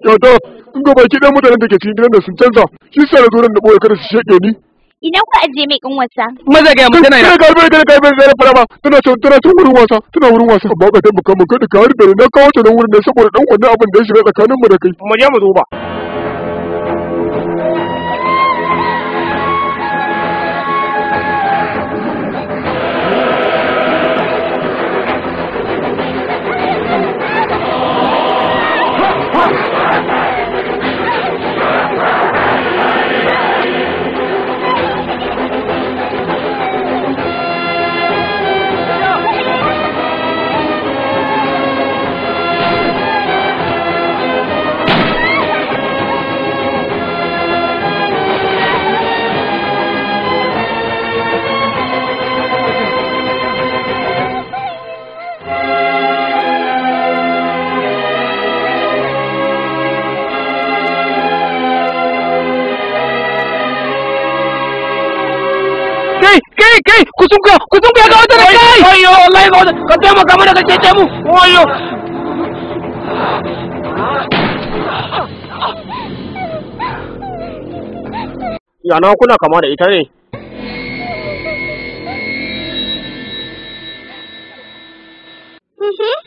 to in ga baki dan da ke cikin gidan da sun canza shi sai da zo nan da boye kada su Ina ku ajiye mai kanwarsa? Maza ga mu tana. Kai kalbi kai kalbi sai fara ba. Tana so tana so wurin wasa, tana wurin wasa. Ba ka taimaka mu kada ka harbe da na kawo ta wurin ne saboda dan wannan abin da ya shiga tsakanin mu da kai. Mu je mu zo kai ku sun kuya ku sun kuya ga wata da kai oyo wallahi ga wata ka taimaka mana ka cece mu ya yana kuna kama da ita ne mm-hmm.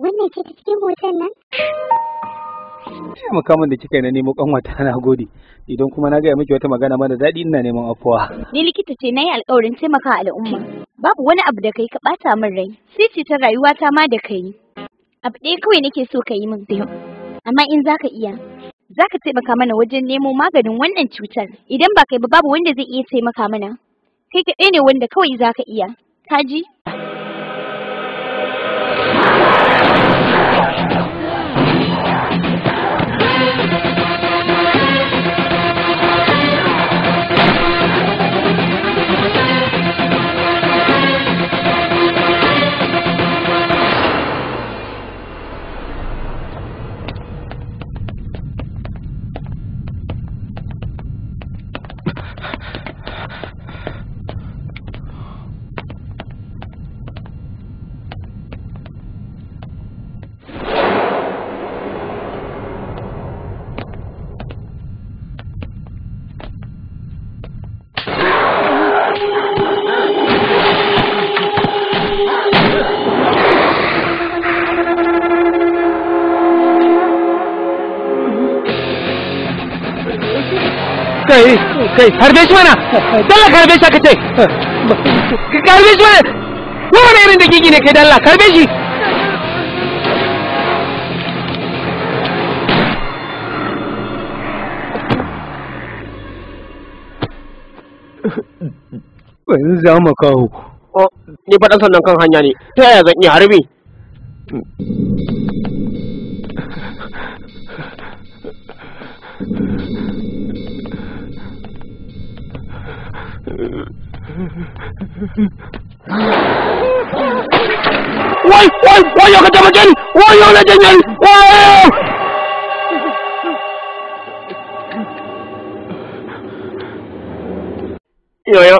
wannan ce ta cikin hoton nan shi mukamman da kika yi na nemo kanwata *laughs* na gode idan kuma na gaya miki wata magana mana daɗi ina neman afuwa ni likita ce na yi alƙawarin taimaka al'umma babu wani abu da kai ka ɓata min rai sai ce ta rayuwata ma da kai abu ɗaya kawai nake so ka yi min da amma in za ka iya Za ka taimaka mana wajen nemo maganin wannan cutar idan ba kai ba babu wanda zai iya taimaka mana kai kaɗai ne wanda kawai za ka iya ka ji kai harbe shi mana dalla karbe shi aka ce karbe shi mana wani irin da gigi ne kai dalla karbe shi za mu kawo. Oh, ni faɗan sannan kan hanya ne, ta yaya zan iya harbi? wai woi, woi, yau ka taimake ni woi yau na ni woi. yaya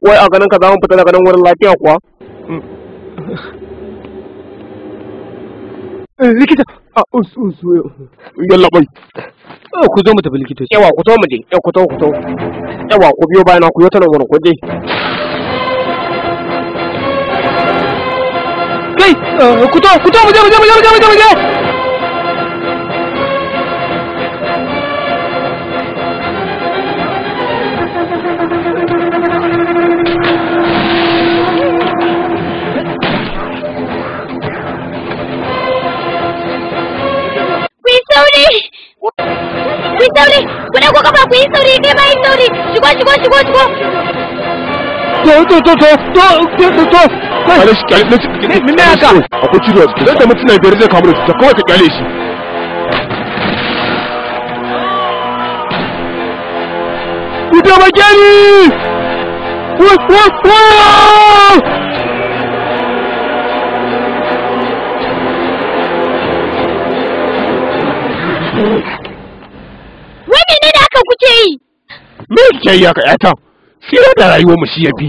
wai woi ganin ka za mu fita daga nan wurin lafiya kuwa a ah, us us yalla bai eh, ku zo mu tafi likitoci yawa ku to mu je yawa eh, ku to ku to yawa ku biyo bayana ku yi ta nan wurin ku je kai eh, ku to ku to mu je mu je mu je mu je mu je Ku yi sauri, ku To, to, to, to, to, to, to, to. a jikin. Zai Wai ne da haka kuke yi? Me kike yi haka ƴata? Fira da rayuwar mu shi ya bi.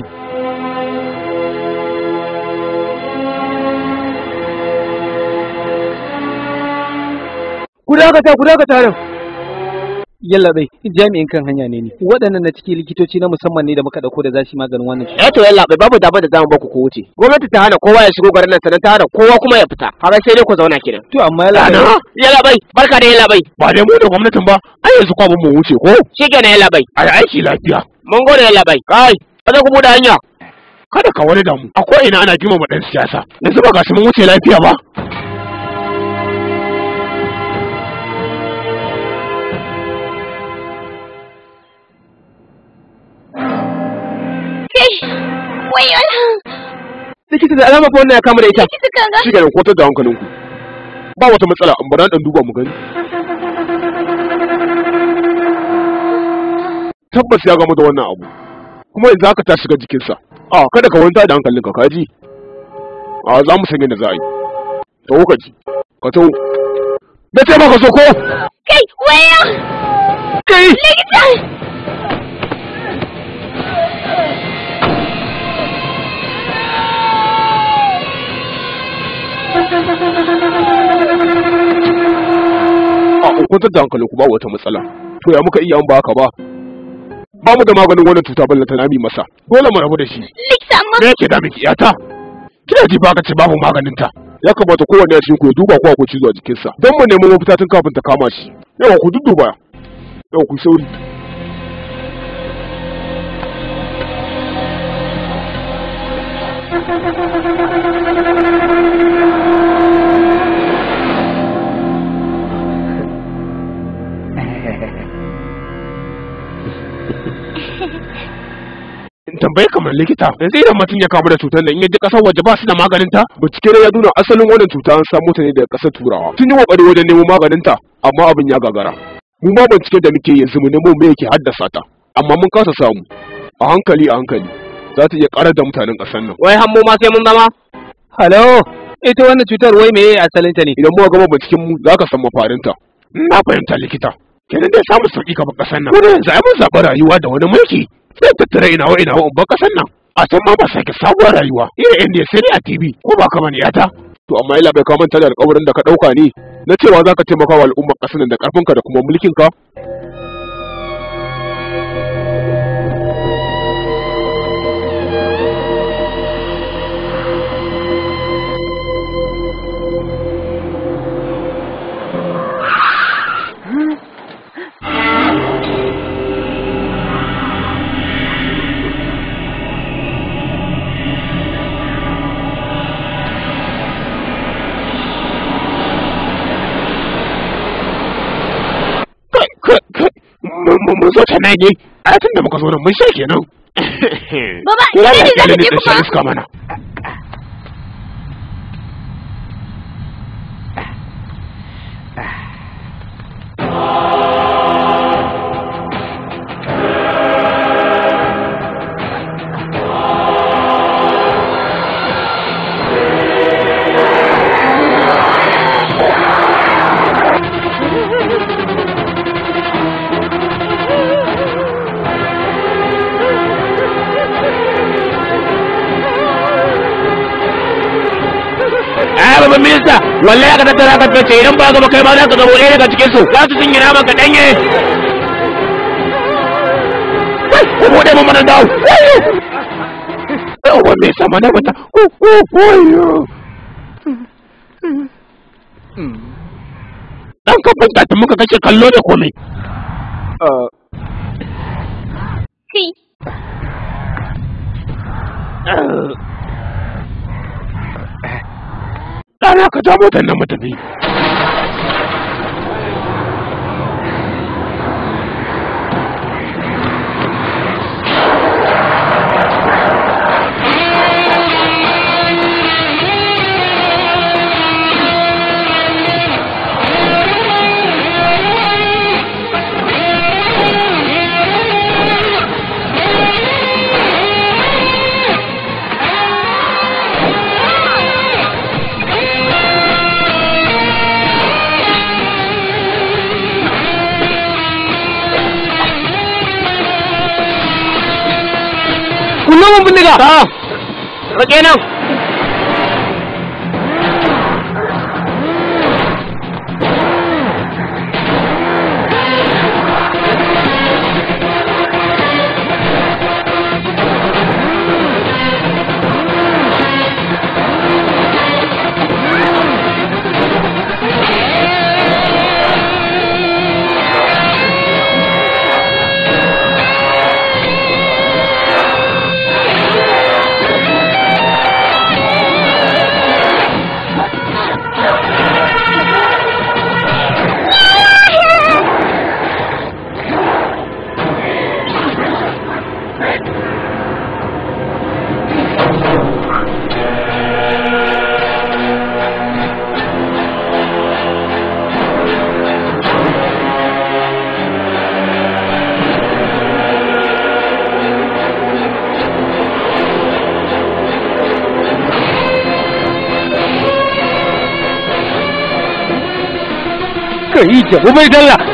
Ku dakata, ku dakata nan. bai jami'in kan hanya ne ne. waɗannan na cikin likitoci na musamman ne da muka dauko da za su maganin wannan cuta. Yato eh bai babu dama da zamu baku ku wuce gwamnati ta hana kowa ya shigo garin nan sannan ta hana kowa kuma ya fita har sai dai ku zauna kenan. To amma yallaɓai. bai barka da bai Ba dai mu da gwamnatin ba ai yanzu kwa mu wuce ko. Shi kenan A Ai aiki lafiya. Mun gode bai Kai ba ku buɗe hanya. Kada ka wani damu a ko ina ana ma ɗan siyasa yanzu ba ga mun wuce lafiya ba. wayo likita da alama fa wannan ya kama da ita shi ga ko ta da hankalin ku ba wata matsala an bara dan duba mu gani tabbas ya gamu da wannan abu kuma yanzu haka ta shiga jikinsa a kada ka wanta da hankalin ka kaji a za mu sanya da za a yi tawo ka ji ka tawo Me ce maka so ko kai waya kai likita a hukuntar da hankali ku ba wata matsala to ya muka iya an ba ka ba ba mu da maganin wannan cuta balle ta nami masa dole mu rabu da shi likita amma me yake da miki yata kina ji baka ce babu maganin ta ya kamata kowanne a ku ya duba ko akwai cizo a jikinsa don mu nemo mafita tun kafin ta kama shi Yau, ku dudduba Yau, ku sauri tambaye kamar likita Da zai da mutum ya kamu da cutar nan in ya je kasar waje ba su da maganin ta bincike ya nuna asalin wannan cuta an samo ta ne daga kasar turawa sun yi kokari wajen nemo maganin ta amma abin ya gagara mu ma bincike da muke yanzu mu nemo me yake haddasa ta amma mun kasa samu a hankali a hankali za ta iya karar da mutanen kasar nan wai hammu ma sai mun zama halo ita wannan cutar wai meye asalin ta ne idan muka gama binciken mu za ka san mafarin ta. na fahimta likita kenan dai samu sauki ka ba kasar nan wani yanzu ai mun zaɓi rayuwa da wani mulki sai tattara ina wa'ina ina wa kasan nan sannan a san ma ba sake sabuwar rayuwa irin inda ya sai a tv ko ba kamar yata to amma ila bai ka manta da alƙawarin da ka ɗauka ne na cewa za ka taimaka wa al'ummar ƙasar da ƙarfinka da kuma mulkinka mun zo ta nan ne tun da muka zo nan mun sha kenan *laughs* baba ina ne za ka je kuma iska mana Ah. *laughs* kayansa wallahi aka tattara ka tace idan ba gaba kai ba za ka gabo ɗaya daga cikin su za su singina ka danye ku bude mu mana dawo yawa mai sama na bata dan ka ta muka kake kallo da komai Hey. Ah. Ɗana ka ja motar nan mu tafi! hannun mun bindiga rage nan 没意见，我没争了。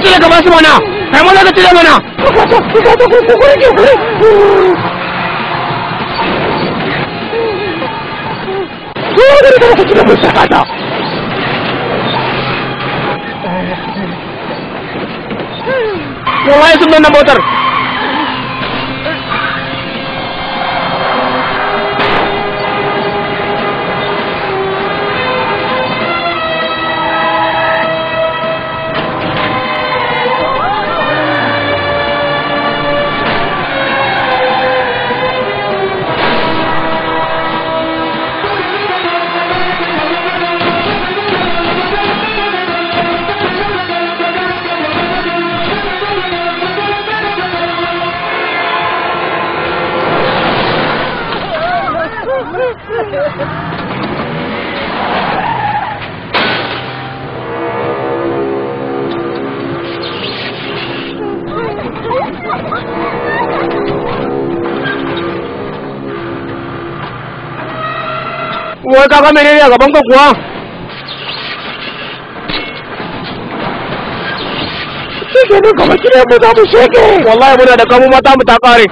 daga ka basu mana kai maza ka daga mana Wallahi sun nan motar wai kaga menene a gaban ka kuwa shi ke nan kamar kire mu za mu shege wallahi muna da kamu mata mu ta kare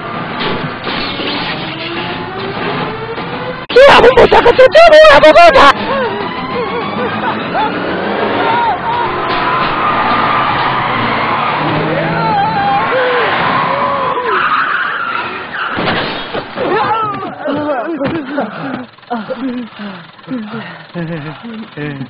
ki abun bauta ka ce ta ruwa gaba ta Yeah.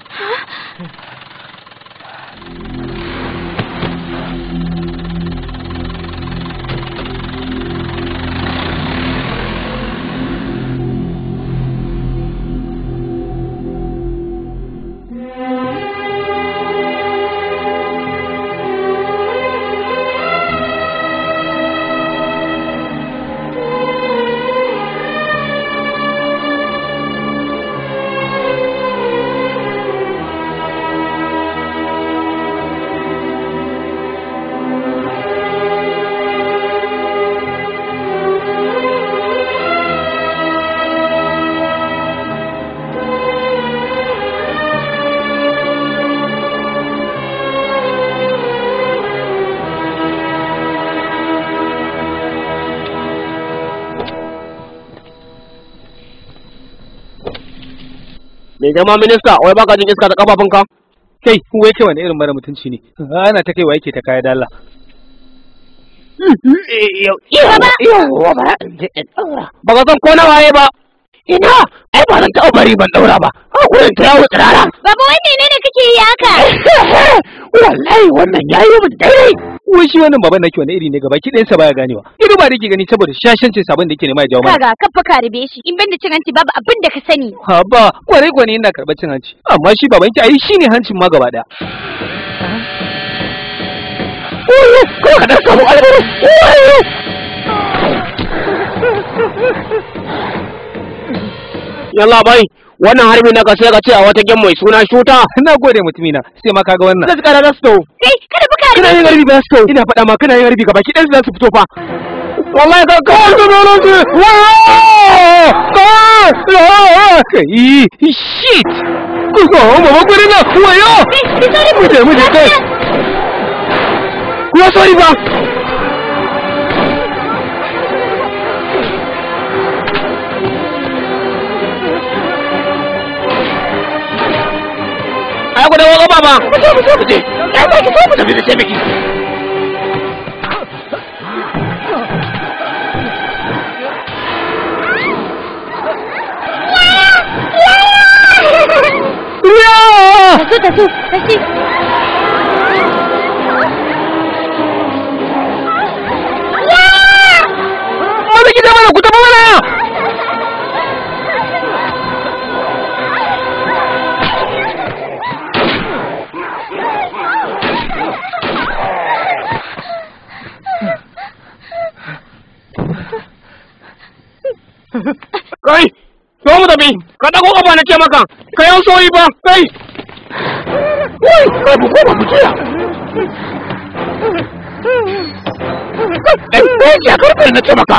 kai ma minista wai baka jin iska ta kafafunka kai wai kai wani irin mara mutunci ne ana ta kai wa yake ta kaya dalla ba ba ko na waye ba ina ai ba zan taɓa bari ban ɗaura ba a gurin ta yawo tsirara baba wai menene kake yi haka *laughs* wallahi wannan yayi dai daidai wai shi wannan baban naki wani iri ne gaba ki ɗansa baya ganewa ido ba dake gani saboda shashancin sabon da yake nema ya jawo mana kaga kafa ka rube shi in banda cin hanci babu abin da ka sani ha ba kwarai kwarai ina karɓar cin hanci amma shi baban ki ai ne hancin ma gaba daya Oyo, kuma ka dan samu albaru. Oyo. Yalla bai, wannan harbi na sai ka ce a wata gem mai suna shuta na gode mutumi na sai ma kaga wannan zai kara rasto kai kada buka kana yin harbi ba rasto ina faɗa ma kana yin harbi gaba ki dan za su fito fa wallahi ka ka da nan ce kai shit ku ko mu ba gurin na wayo mu je mu je kai ku sorry ba 别忘了爸爸！不行不行不行！哎，快不走，别被他们欺住抓住抓住！呀！快点走吧，都给我走！Kai, zo mu tafi, ka ɗago ƙafa na ce maka, ka yan soyi ba, kai. Wai, kai ko ba ku ciya. Kai, kai, ya karfe na ce maka.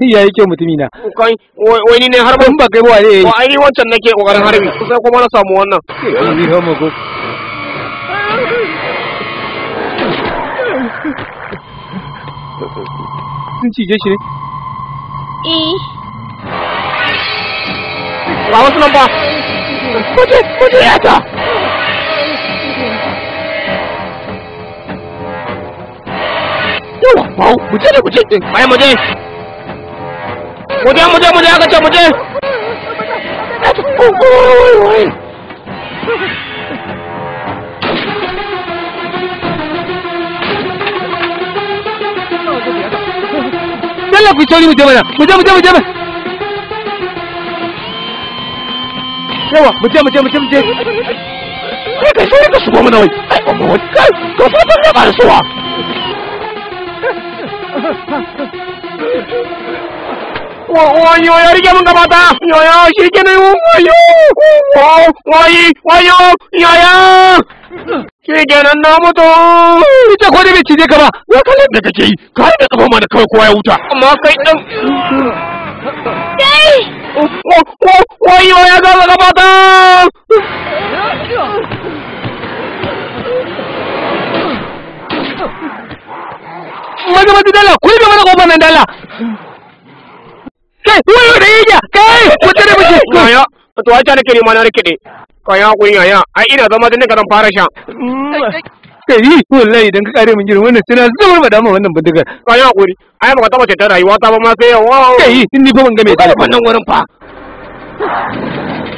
ya yi kyau mutumi na kai wai ni ne har ban bakai ba ne ai wancan nake kokarin harbi ah. sai kuma na samu wannan ni ha mako sun cije shi ne eh ba wasu nan ba Kuce, kuce ya ta! yawa 我我要你干嘛干嘛的？我要谁见的我？我要我我一我要我要。谁见的那么多？你这快点别急着干嘛？我看你那个急，看你那个慢慢的可快乌着，妈该等。对。我我我我以为要干嘛干嘛的？maza maza dala ku rufe mana kofar mana dala kai wayo da yiya kai ku tare miki ya, to ai tare kire mana rike de kaya ku yaya ai ina zama tun daga zan fara sha kai yi wallahi idan ka kare min girin wannan suna zubar ba dama wannan bindigar kaya ku ai baka taba ta rayuwa ta ba ma sai yawa kai ni fa ban ga me da wannan wurin fa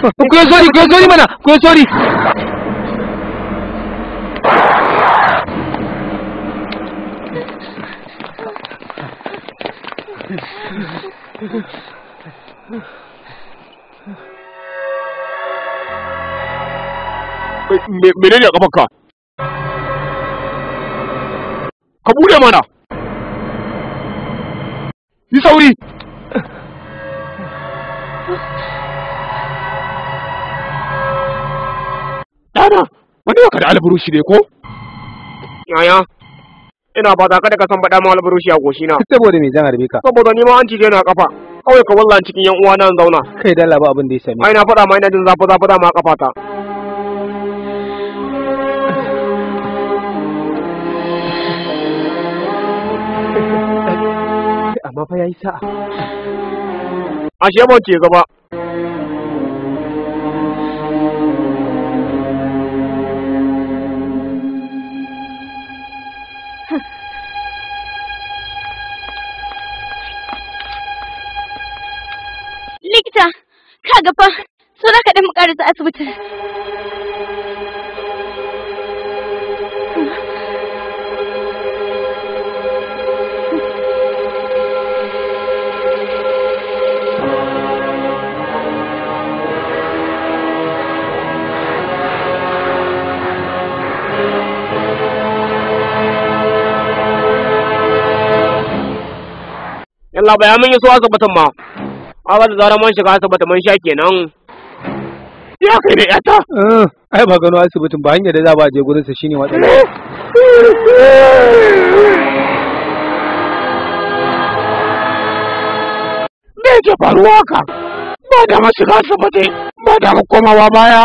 ku sori ku sori mana ku yi sori menene a kafarka ka bude mana yi sauri ɗana wani baka da alburushi ne ko yaya ina fata kada ka san faɗa ma albarushi a goshina saboda me zan harbe ka saboda ni ma an cije ni a kafa kawai ka wallan cikin yan uwa nan zauna kai dalla ba abin da ya same ai na faɗa ma ina jin zafi zafi da ma kafa ta amma fa yayi sa'a ashe ban ce gaba Ita, ka gaba, so za ka damu ƙarar za a subutu. Allah bayan mun yi suwa ga batun ma. kaga da zarar mun shiga asibiti mun sha kenan ya kai da yata eh, ai ba gano asibitin ba hanyar da za ba je gurin sa shine wata. me ke faruwa ka? ba da mu shiga asibiti ba da mu komawa baya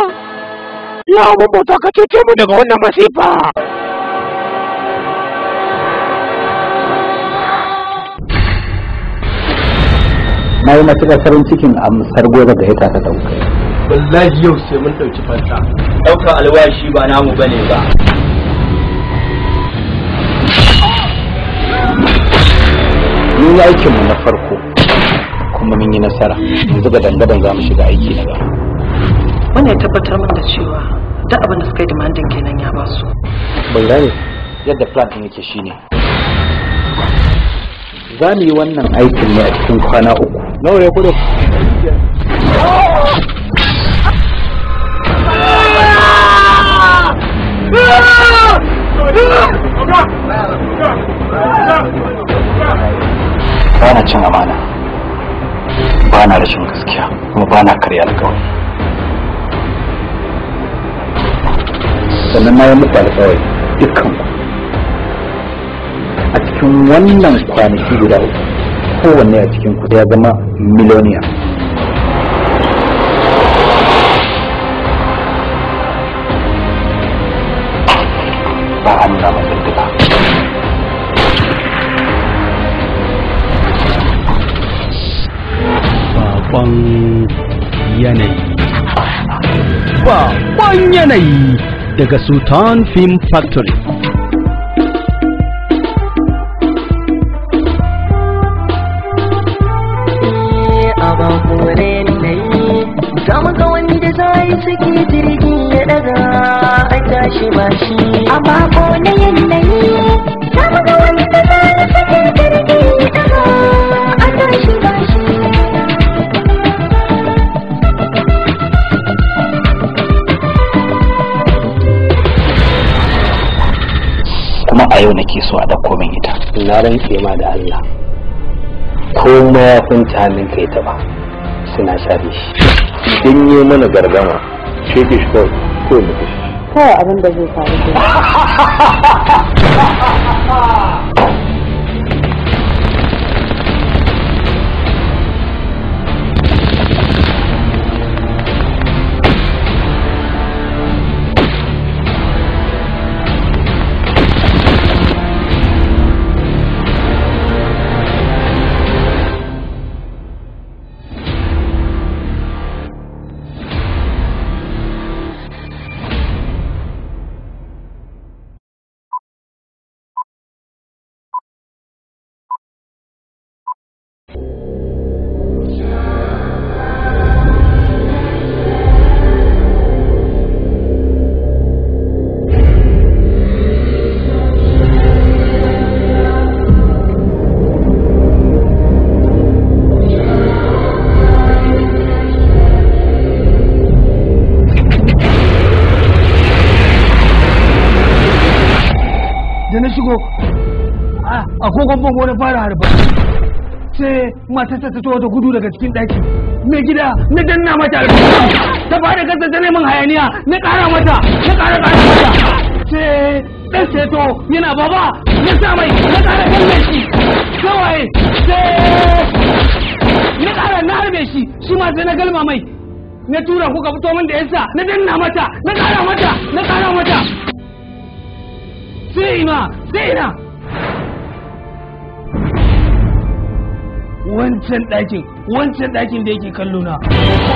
ya mu ka cece mu daga wannan masifa na yi matuƙar farin cikin amsar gobe ga yata ta ɗauka. wallahi yau sai mun ɗauki fanta. ɗaukar alwashi ba namu ba ne ba mun yi na farko kuma mun yi nasara yanzu ga dangadan za mu shiga aiki na gaba wanda ya tabbatar min da cewa duk abin da suka yi demandin kenan ya basu ban gane yadda plan ɗin yake shine za mu yi wannan aikin ne a cikin kwana uku nawa kudu ba na cin amana ba na rashin gaskiya kuma ba na karya alkawari sannan na yi mutu alkawari dukkan ku a cikin wannan kwanaki guda uku kowanne a cikin ku ya zama miloniya ba a nuna masu Ba yanayi yanayi daga sultan film factory suke jirgin ya daga an tashi ba shi a mako na yi za mu wani kasa da suke jirgin ya daga an tashi ba shi kuma a yau nake so a dauko min ita na rantse ma da Allah ko mayafin ta kai ta ba suna sare shi yi mana gargama shi ke shi kawai ko mutu kawai abin da zai faru *laughs* babban bango na fara harba sai matarsa ta taho ta gudu daga cikin ɗaki mai gida na danna mata albarka ta fara gasa ta neman hayaniya na ƙara mata na ƙara ƙara mata sai ɗan ceto yana baba na sa mai na ƙara kallon shi kawai sai na ƙara na harbe shi shi ma sai na galma mai na tura kuka fito min da yasa na danna mata na ƙara mata na ƙara mata sai ina sai ina wancan ɗakin wancan ɗakin da yake kallo na.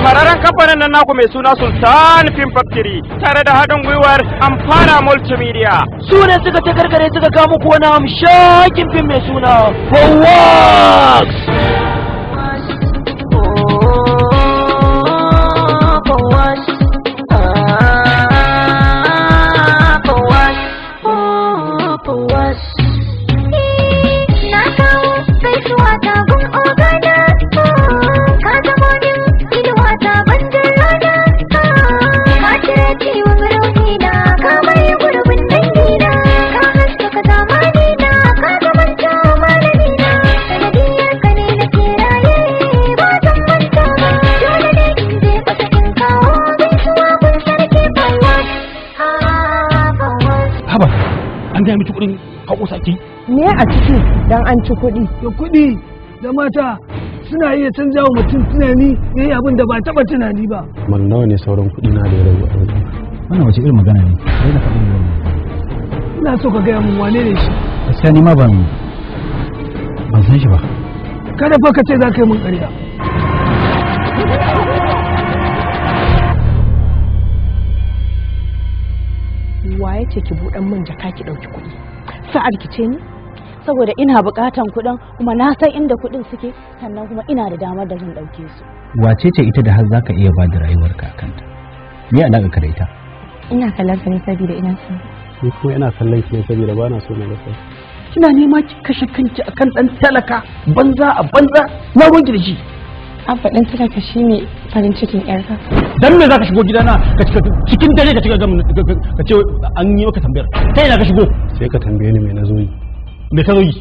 Kwararren kamfanin nan naku mai suna Sultan Film Factory tare da haɗin gwiwar Amfana Multimedia. Su ne suka ta suka kama ko na amshakin fim mai suna Fowax. Don an ci kuɗi da kuɗi da mata suna iya canza wa mutum tunani ya yi abin da ba taɓa tunani ba man nawa ne sauran kuɗi na da ya rabu a wannan wace irin magana ne sai na faɗin ina so ka gaya mun wane ne shi gaskiya ni ma ban ban san shi ba kada fa ka ce za ka yi mun ƙarya ya ce ki buɗan min jaka ki ɗauki kuɗi sa'ar ki ce ni saboda ina bukatan kuɗin kuma na san inda kuɗin suke sannan kuma ina da damar da zan ɗauke su wace ce ita da har za ka iya ba da rayuwarka a kanta me alaƙa ka da ita ina kallon ka ne saboda ina so. ni kuma ina kallon ki ne saboda ba na so na rasa kina nema ki kashe kanki akan dan talaka banza a banza na ruwan da shi an faɗin talaka shi ne farin cikin ƴarka. dan me za ka shigo gidana ka cika cikin dare ka cika gamin ka ce an yi maka tambayar ta ina ka shigo sai ka tambaye ni me na zo yi me ka zo yi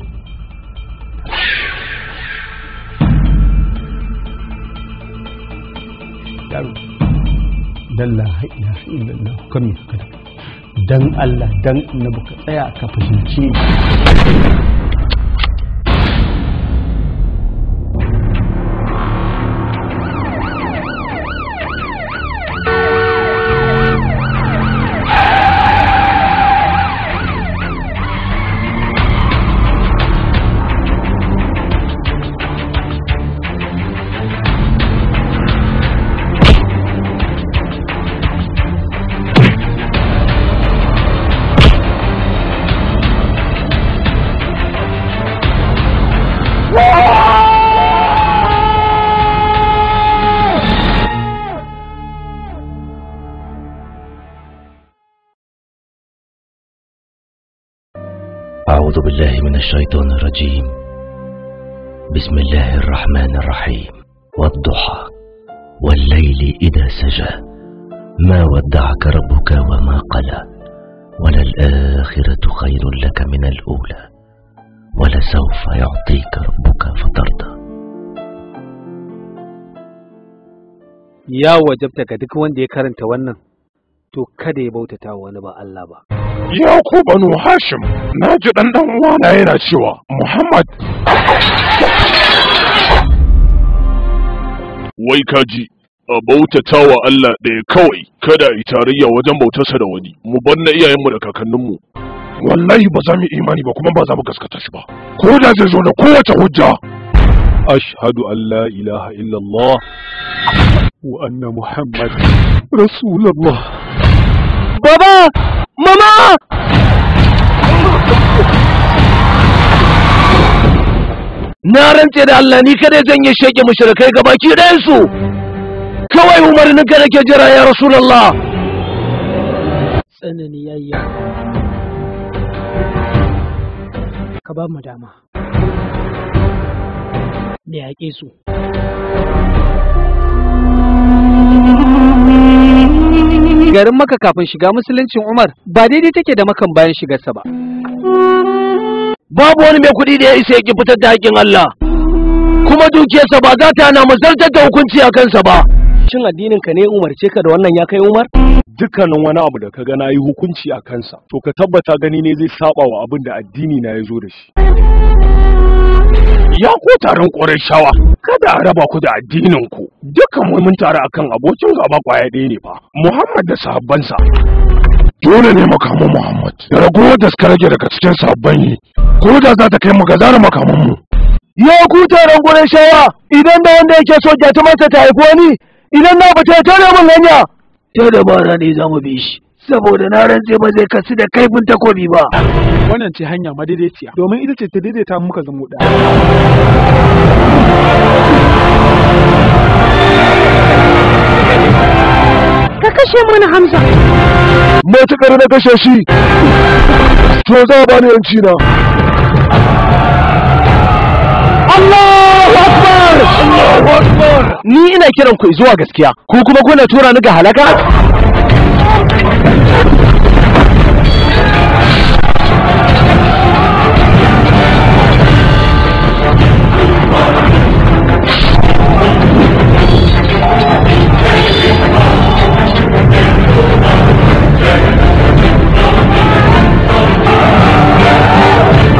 yaro dalla haila illallah kan mi haka dan Allah dan annabi ka tsaya ka fahimce الشيطان الرجيم بسم الله الرحمن الرحيم والضحى والليل إذا سجى ما ودعك ربك وما قلى وللآخرة خير لك من الأولى ولسوف يعطيك ربك فترضى يا وجبتك دك وندي wanda ya تو wannan to kada ya ku banu hashim na ji ɗan yana cewa muhammad wai kaji a bautata wa Allah ɗaya kawai kada a yi tarayya wajen bautarsa da wani mu bar na iyayenmu da kakanninmu wallahi ba za mu imani ba kuma ba za mu gaskata shi ba ko da zai zo da kowace hujja ashhadu an la ilaha illallah wa anna muhammad rasulullah baba Mama! Na rantse da Allah ni kada zan yi shege mushrikai ga baki ɗayan su. Kawai umarnin ka nake jira ya Rasulullah. Tsanani yayya. Ka ba mu dama. Me yaƙe su. garin maka kafin shiga musuluncin umar ba daidai take da makan bayan shigarsa ba babu wani mai kuɗi da ya isa ya fitar da haƙƙin Allah kuma dukiyarsa ba za ta na mazartar da hukunci a kansa ba shin addinin ka ne umarce ka da wannan ya kai umar dukkanin wani abu da ka ga yi hukunci a kansa to ka tabbata gani ne zai saba wa abin da addini na ya zo da shi ya ku taron ƙwarar shawa kada a raba ku da addinin ku dukkan mun tare akan abokin gaba kwaya ɗaya ne fa muhammad da sahabbansa dole ne makamu muhammad da ragowar da suka rage daga cikin sabon yi ko da za ta kai mu gazara makamin mu ya ku taron ƙwarar shawa idan da wanda yake so jatumarsa ta haifi wani idan na fita ya tare mun hanya ta dabara ne za mu bi shi saboda na rantse ba zai kasu da kaifin takobi ba wannan ce hanya madaidaiciya domin ita ce ta daidaita muka zamo ɗaya ka kashe mana hamza matukar na kashe shi to za a bani yanci na Ni ina kiran ku zuwa gaskiya, ku kuma kuna tura ni ga halaka?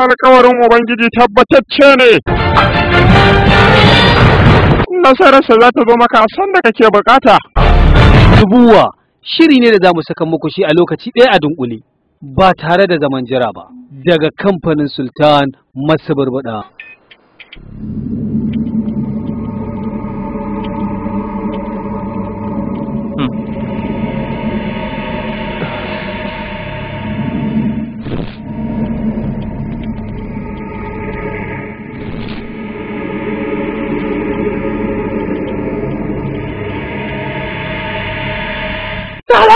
alkawarin Ubangiji tabbatacce ne. Nasararsa za ta zo maka san da kake bukata. Dubuwa shiri ne da za mu saka muku shi a lokaci ɗaya a dunkule ba tare da zaman jira ba daga kamfanin Sultan Masu Barbada.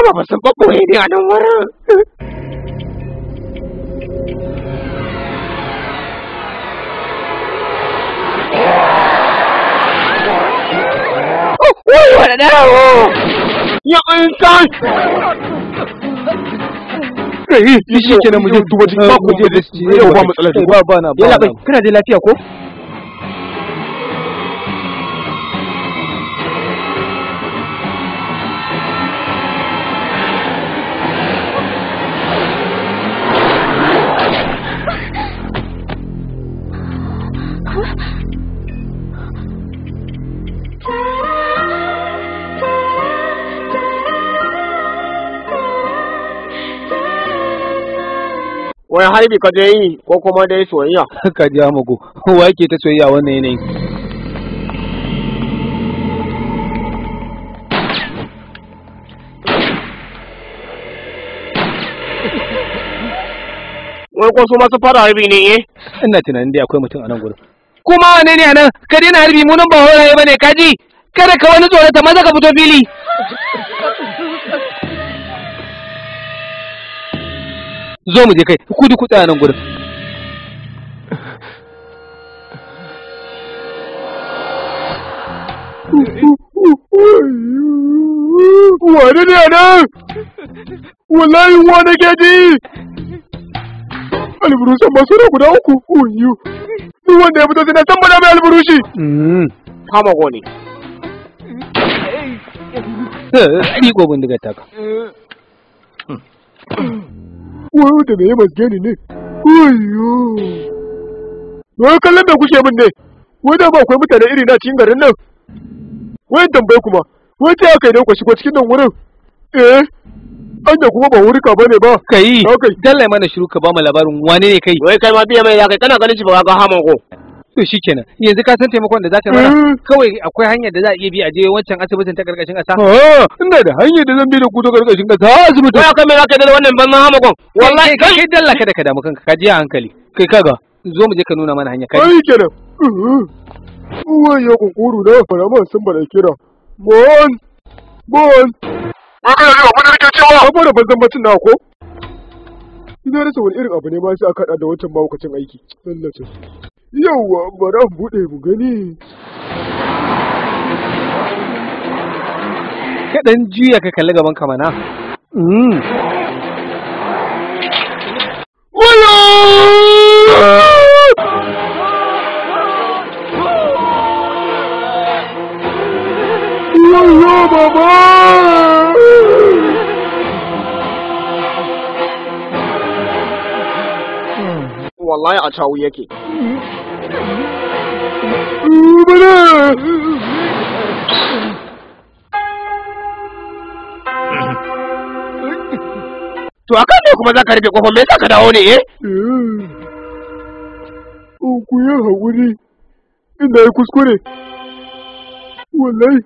ばばすごく上にあ登る。Wait what an arrow! Your own son! Kai, ni shi kenan mu je duba duk ba ku je da shi. Yau ba matsala. Ba ba na ba. Yalla bai kana da lafiya ko? wai harbi ka je yi ko kuma dai soyayya *laughs* ka ji muku wa yake ta soyayya wannan yanayin wai ko su masu fara harbi ne eh ina tunanin dai akwai mutum a nan gurin kuma wane ne a nan ka daina harbi munan ba horaye bane kaji kada ka wani tsorata maza ka fito fili zo mu je kai ku duk tsaya nan gurin Wane ne nan? Wallahi wane gadi? Alburusan masu na guda uku koyo. Duk wanda ya fito sai na tambada mai alburushi. Hmm. Kama gone. Eh, eh, ni gobin daga taka. Eh. Hmm. uwar da ya maske ni ne Oyo. Wai kallon da kuke min ne, wai da ba akwai mutane iri na cikin garin nan. Wai tambaye kuma, wai ta aka yi dauka shigo cikin nan wurin. Eh, an da kuma ba wurika ba ne ba. Kai, dallai mana shiru ka ba mu labarin wane ne kai. Wai kai ma biya mai ya kai kana ganin shi ba ga hamon ko. to shikenan yanzu ka san taimakon da za ta mana mm. kawai akwai hanyar da za a iya bi a je wancan asibitin ta karkashin kasa oh, ina da hanyar da zan bi da ku ta karkashin kasa asibiti ya kamar ka da wannan banzan hamakon wallahi kai dalla da ka damu kanka ka ji a hankali kai kaga zo mu je ka nuna mana hanya kai ai kenan uwan ya kunkuru da fara man sun bada kira bon bon Wakan yau mun rike cewa ba da banzan bacin na ko Ina rasa wani irin abu ne ma sai aka da wancan mahaukacin aiki. Lallacin. Yawwa bari an buɗe mu gani. Kaɗan juya ka kalli gaban ka mana. Yo, mm. yo, baba! wallahi a cawu yake To akan ne kuma za ka rufe kofar me za ka dawo ne eh? Ku yi haƙuri, inda ya kuskure. Wallahi.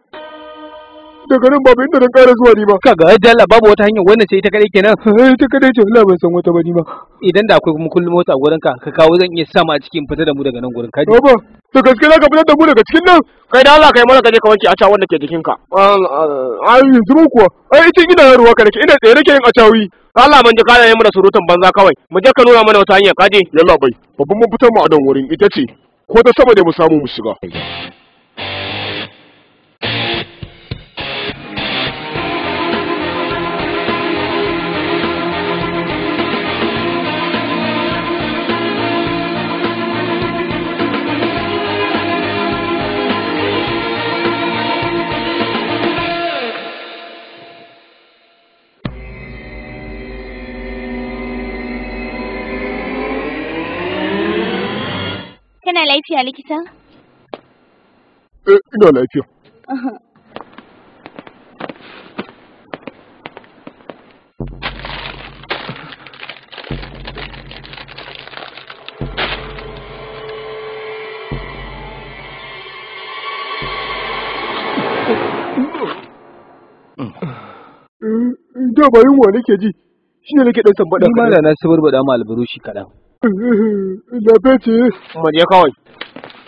daga nan babu inda na kara zuwa ni ba kaga dalla babu wata hanyar wannan ce ita kadai kenan eh, ita kadai ce Allah ban san wata ba ni ba idan da akwai kuma kullum mota gurin ka ka kawo zan iya sa ma a cikin fita da mu daga nan gurin kaji baba da gaske zaka fitar da mu daga cikin nan kai da Allah kai mana kaje ka wanke a cawon da ke jikinka ai yanzu kuwa ai ita ina ruwa ka nake ina tsaye nake yin a cawi Allah mun ji kana yin mana surutun banza kawai mu je ka nuna mana wata hanya kaje yalla bai babban mun fitar mu a nan wurin ita ce ko ta sama ne mu samu mu shiga lafiya likita? Eh, ina lafiya. Mm, da ba wa nake ji, shi ne nake ɗan tambaɗa. Ni ma da na sabar da ma shi kaɗan. Na eh, eh, eh, fece. Mu kawai.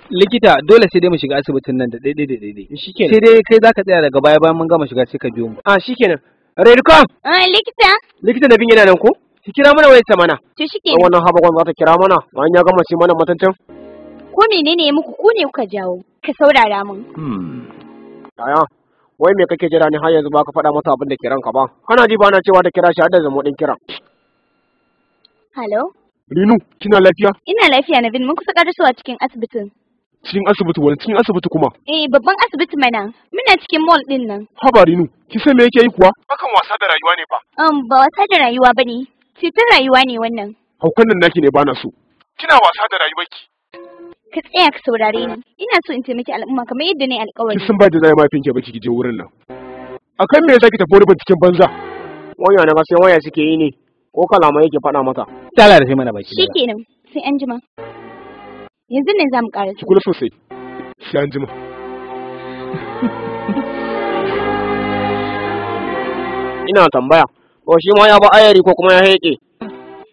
likita dole sai dai mu shiga asibitin nan da daidai da daidai shikenan sai dai kai zaka tsaya daga baya bayan mun gama shiga sai ka biyo mu Ah shikenan redcom ah eh, likita likita da bin yana nan ko ki kira mana wayar mana to shikenan wannan habagon za ta kira mana bayan ya gama shi mana matancan ko menene ya muku ko ne kuka jawo ka saurara mun hmm aya wai me kake jira ne har yanzu ba ka faɗa masa abin da ke ranka ba kana ji ba na cewa ta kira shi har da zamo din kira hello Rinu, kina lafiya? Ina lafiya, na bin mun kusa karasuwa cikin asibitin. cikin asibiti wani cikin asibiti kuma eh babban asibiti mana muna cikin mall din nan habari nu ki san me yake yi kuwa Bakan wasa da rayuwa ne ba. um ba wasa da rayuwa bane cutar rayuwa ne wannan haukan nan naki ne bana so kina wasa da rayuwarki ka tsaya ka saurare ni ina so in taimaki al'umma kamar yadda ne alƙawari kin san ba da zai mafin finke ba ki je wurin nan akan me zaki tafi wani binciken banza ne ba sai waya suke yi ne ko kalama yake faɗa maka tala da sai mana baki shikenan sai an jima yanzu ne za mu ƙara shi kula sosai shi an jima ina tambaya ko shi ma ya ba ayari ko kuma ya heƙe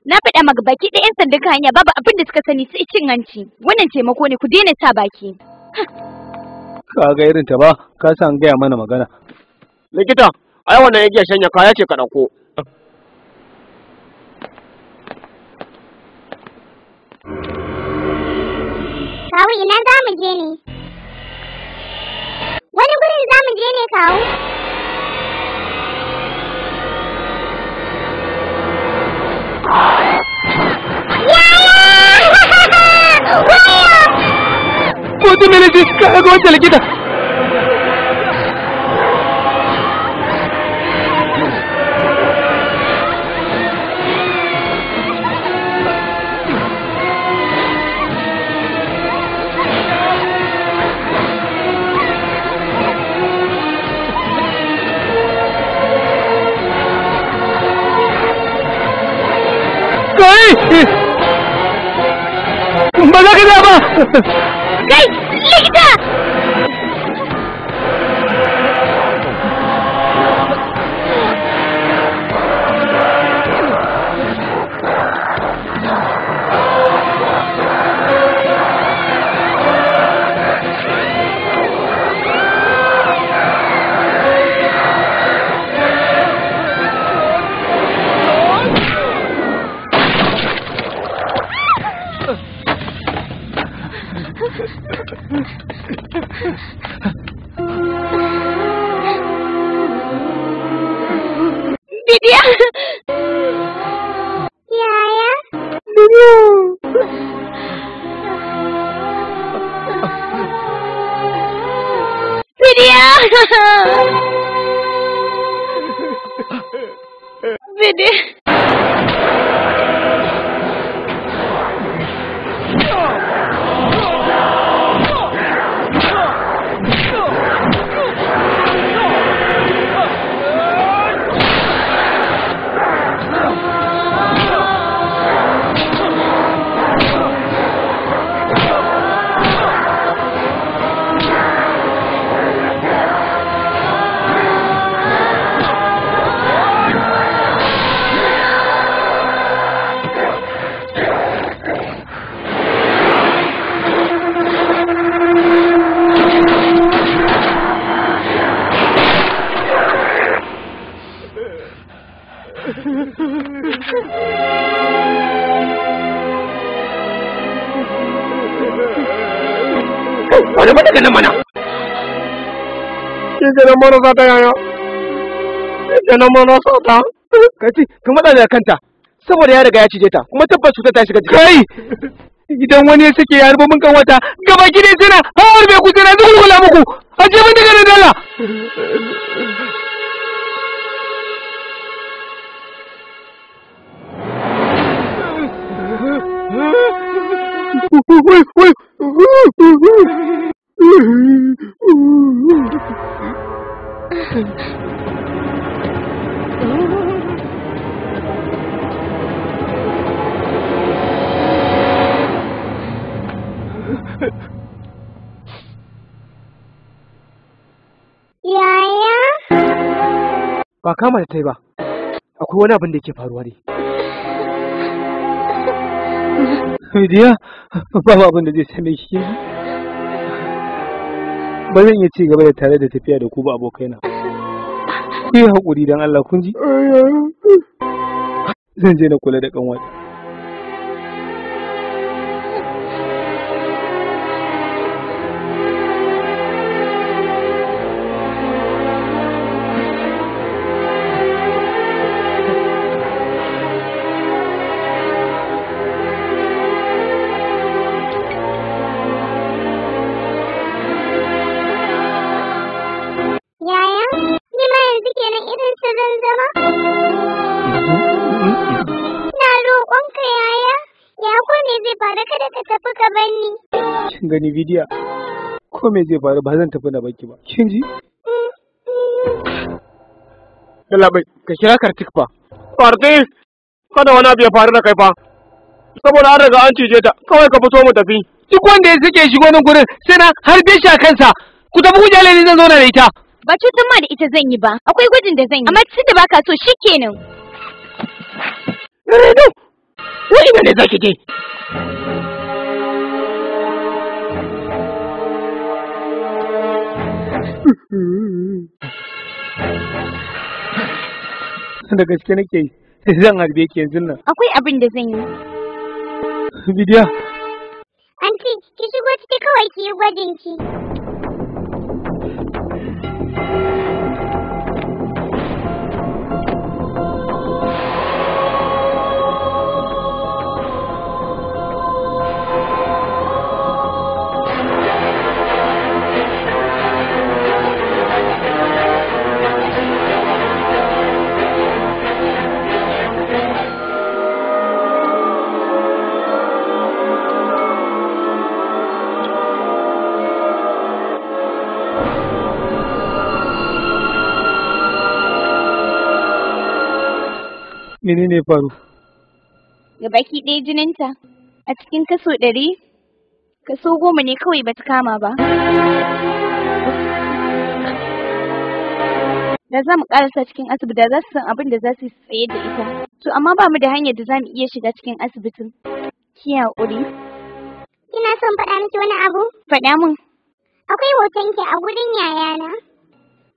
na faɗa maka baki ɗaya ɗayan ka hanya babu abin da suka sani sai cin hanci wannan taimako ne ku daina sa baki ka ga irin ta ba ka san gaya mana magana likita ai wannan yake shanya kaya ce ka ɗauko kawo ina za mu je ne? Wani gurin za mu je ne kawo? Yaya! Waya! Ko ta mene ka ga wata likita? 干吗？嘿，立起 manosa ta yaya na ta kaci ka matsa da kanta saboda ya riga ya cije ta kuma tabbas cutar ta shiga ji. kai idan wani ya sake ya rubo min kan wata gaba gidi sina har bai ku sina zuku kula muku a je mun daga nan Allah Wait, wait, wait. ba kama da ta yi ba akwai wani abin da yake faruwa ne babu abin da zai same shi ba zan iya ci gaba da tare da tafiya da ku ba abokaina. Ku yi haƙuri don Allah kun ji? Zan je na kula da ƙanwata. kin gani bidiyo ko me zai faru ba zan tafi na baki ba kin ji yalla bai ka kira kartik fa kartik kada wani abu ya faru da kai fa saboda an riga an cije ta kawai ka fito mu tafi duk wanda ya suke shigo nan gurin sai na harbe shi a kansa ku tafi ku jale ni zan zauna da ita ba cutar ma da ita zan yi ba akwai gwajin da zan yi amma tunda baka so shikenan Redo, ina ne zaki je? da gaske nake yi *laughs* zan harbe ke yanzu nan akwai abin da zan yi bidiya anti ki shigo ciki kawai ki yi gwajin ki ne faru Gaba baki ɗaya jininta a cikin kaso ɗari kaso goma ne kawai bata kama ba da za mu ƙarasa cikin asibiti da za su san abin da za su tsaye da ita to amma ba mu da hanyar da za mu iya shiga cikin asibitin ki haƙuri ina son faɗa miki wani abu faɗa mun akwai hoton ki a gurin yayana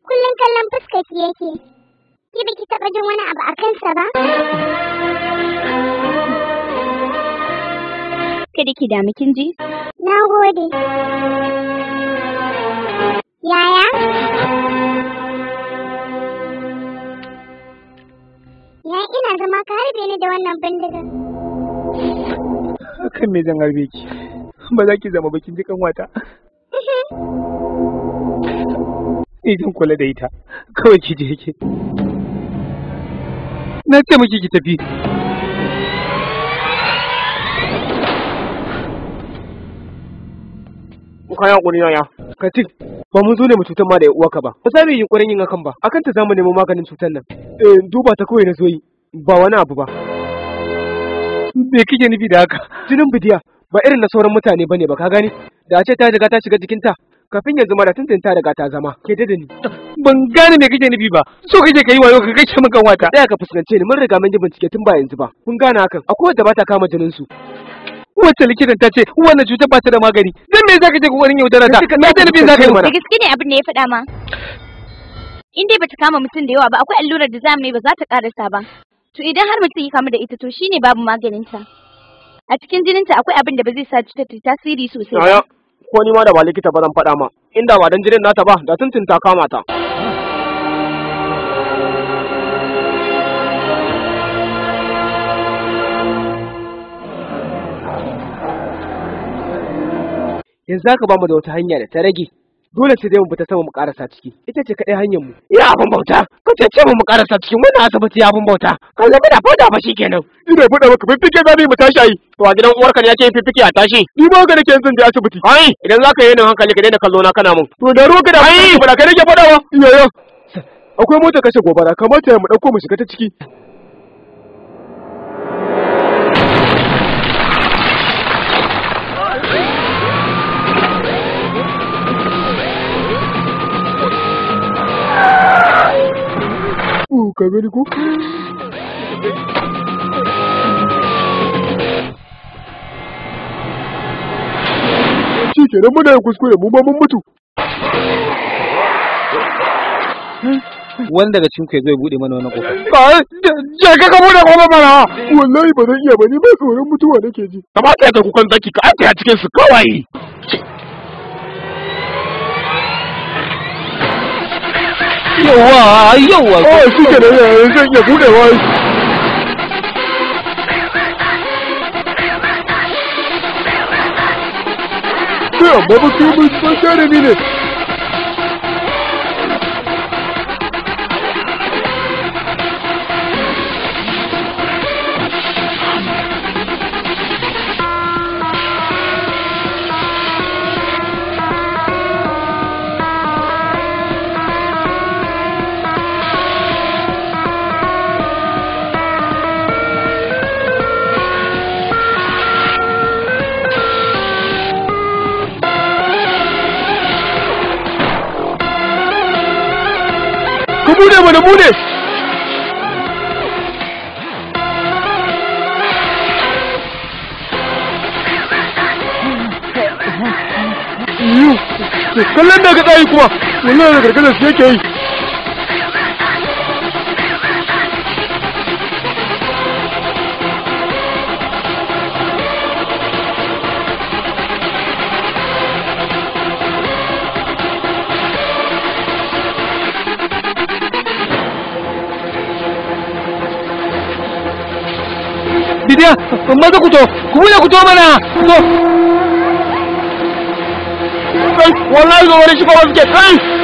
kullum kallon fuskar ki yake Ki baki taɓa jin wani abu a kansa ba? Kada ki dami kin ji? Na gode. Yaya? Ya ina zama ka harbe ni da wannan bindigar. Hakan me zan harbe ki? Ba za ki zama bakin ji wata. *laughs* Ni zan kula da ita. Kawai ki je ki. na ce miki ki tafi kayan ya yaya katin ba mun zo ne mu cutar ma da ka ba ba za mu yi yunkurin yin hakan ba akan ta zamu nemo maganin cutar nan eh, duba ta kawai na zo yi ba wani abu ba me kike nufi da haka jinin bidiya ba irin na sauran mutane bane ba ka gani da a ce ta shiga ta shiga jikinta kafin yanzu ma da tuntun ta daga ta zama ke da ni ban gane me kake nufi ba so kake kai wayo ka kace min kanwata tsaya ka fuskance ni mun riga mun yi bincike tun ba yanzu ba kun gane hakan akwai wanda ba ta kama jinin su wacce likitan ta ce wannan cutar ba ta da magani dan me zaka je kokarin yaudara ta me da nufin zaka yi mana da gaske ne abin da ya faɗa ma in dai bata kama mutum da yawa ba akwai allurar da zamu yi ba za ta karasa ba to idan har mutum ya kama da ita to shine babu maganin ta a cikin jinin ta akwai abin da ba zai sa cutar ta tasiri sosai ko ni ma da ba likita ba zan faɗa ma inda ba dan jinin nata ba da tuntun ta kama ta yanzu haka ba mu da wata hanya da ta rage dole sai dai mu fita sama mu karasa ciki ita ce kadai hanyar mu ina abin bauta ka ce ce mu karasa cikin wannan asibiti ya abin bauta ka zama da fada ba shikenan ina fada maka fiffike zabi mu tashi ayi to a gidan uwarka ne yake yin fiffike a tashi ni ba ga nake zan asibiti ai idan zaka yi nan hankali ka daina kallo na kana mun to da ruwa ka da ai fada kai nake fadawa iyo yo akwai mota kashe gobara kamar kamata mu dauko mu shiga ta ciki ka gani ko shi muna yin kuskure mu ma mun mutu wani daga cikin ku ya zo ya bude mana wannan kofar kai je ka ka bude kofar mana wallahi ba zan iya ba ni ba tsoron mutuwa nake ji kamata ya ta kukan zaki ka aika cikin su kawai 有啊，有啊。哦，是这个人，这也不给我。Baba Cooper's first enemy. mu ne mana mu ne kallon daga tsayi kuma wannan daga gargazar su yake yi 엄마도 구조 구분야 구조하마나 구조 원라 이거 머리 죽어 버릴게 아이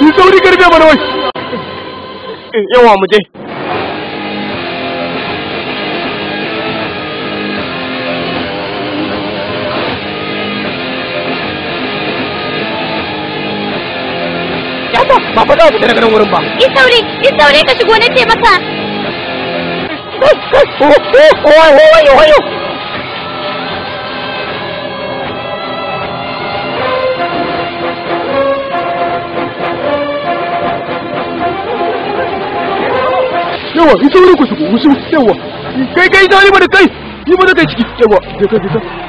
이 a 리 o r a yawa mu je ba faɗa wa daga nan wurin ba. Yi saure, yi saure ka shigo na ce maka. wayo, wayo. yawa in saurin ku shigo musu yawa kai kai ta ni ba da kai ni ba da kai ciki yawa je ka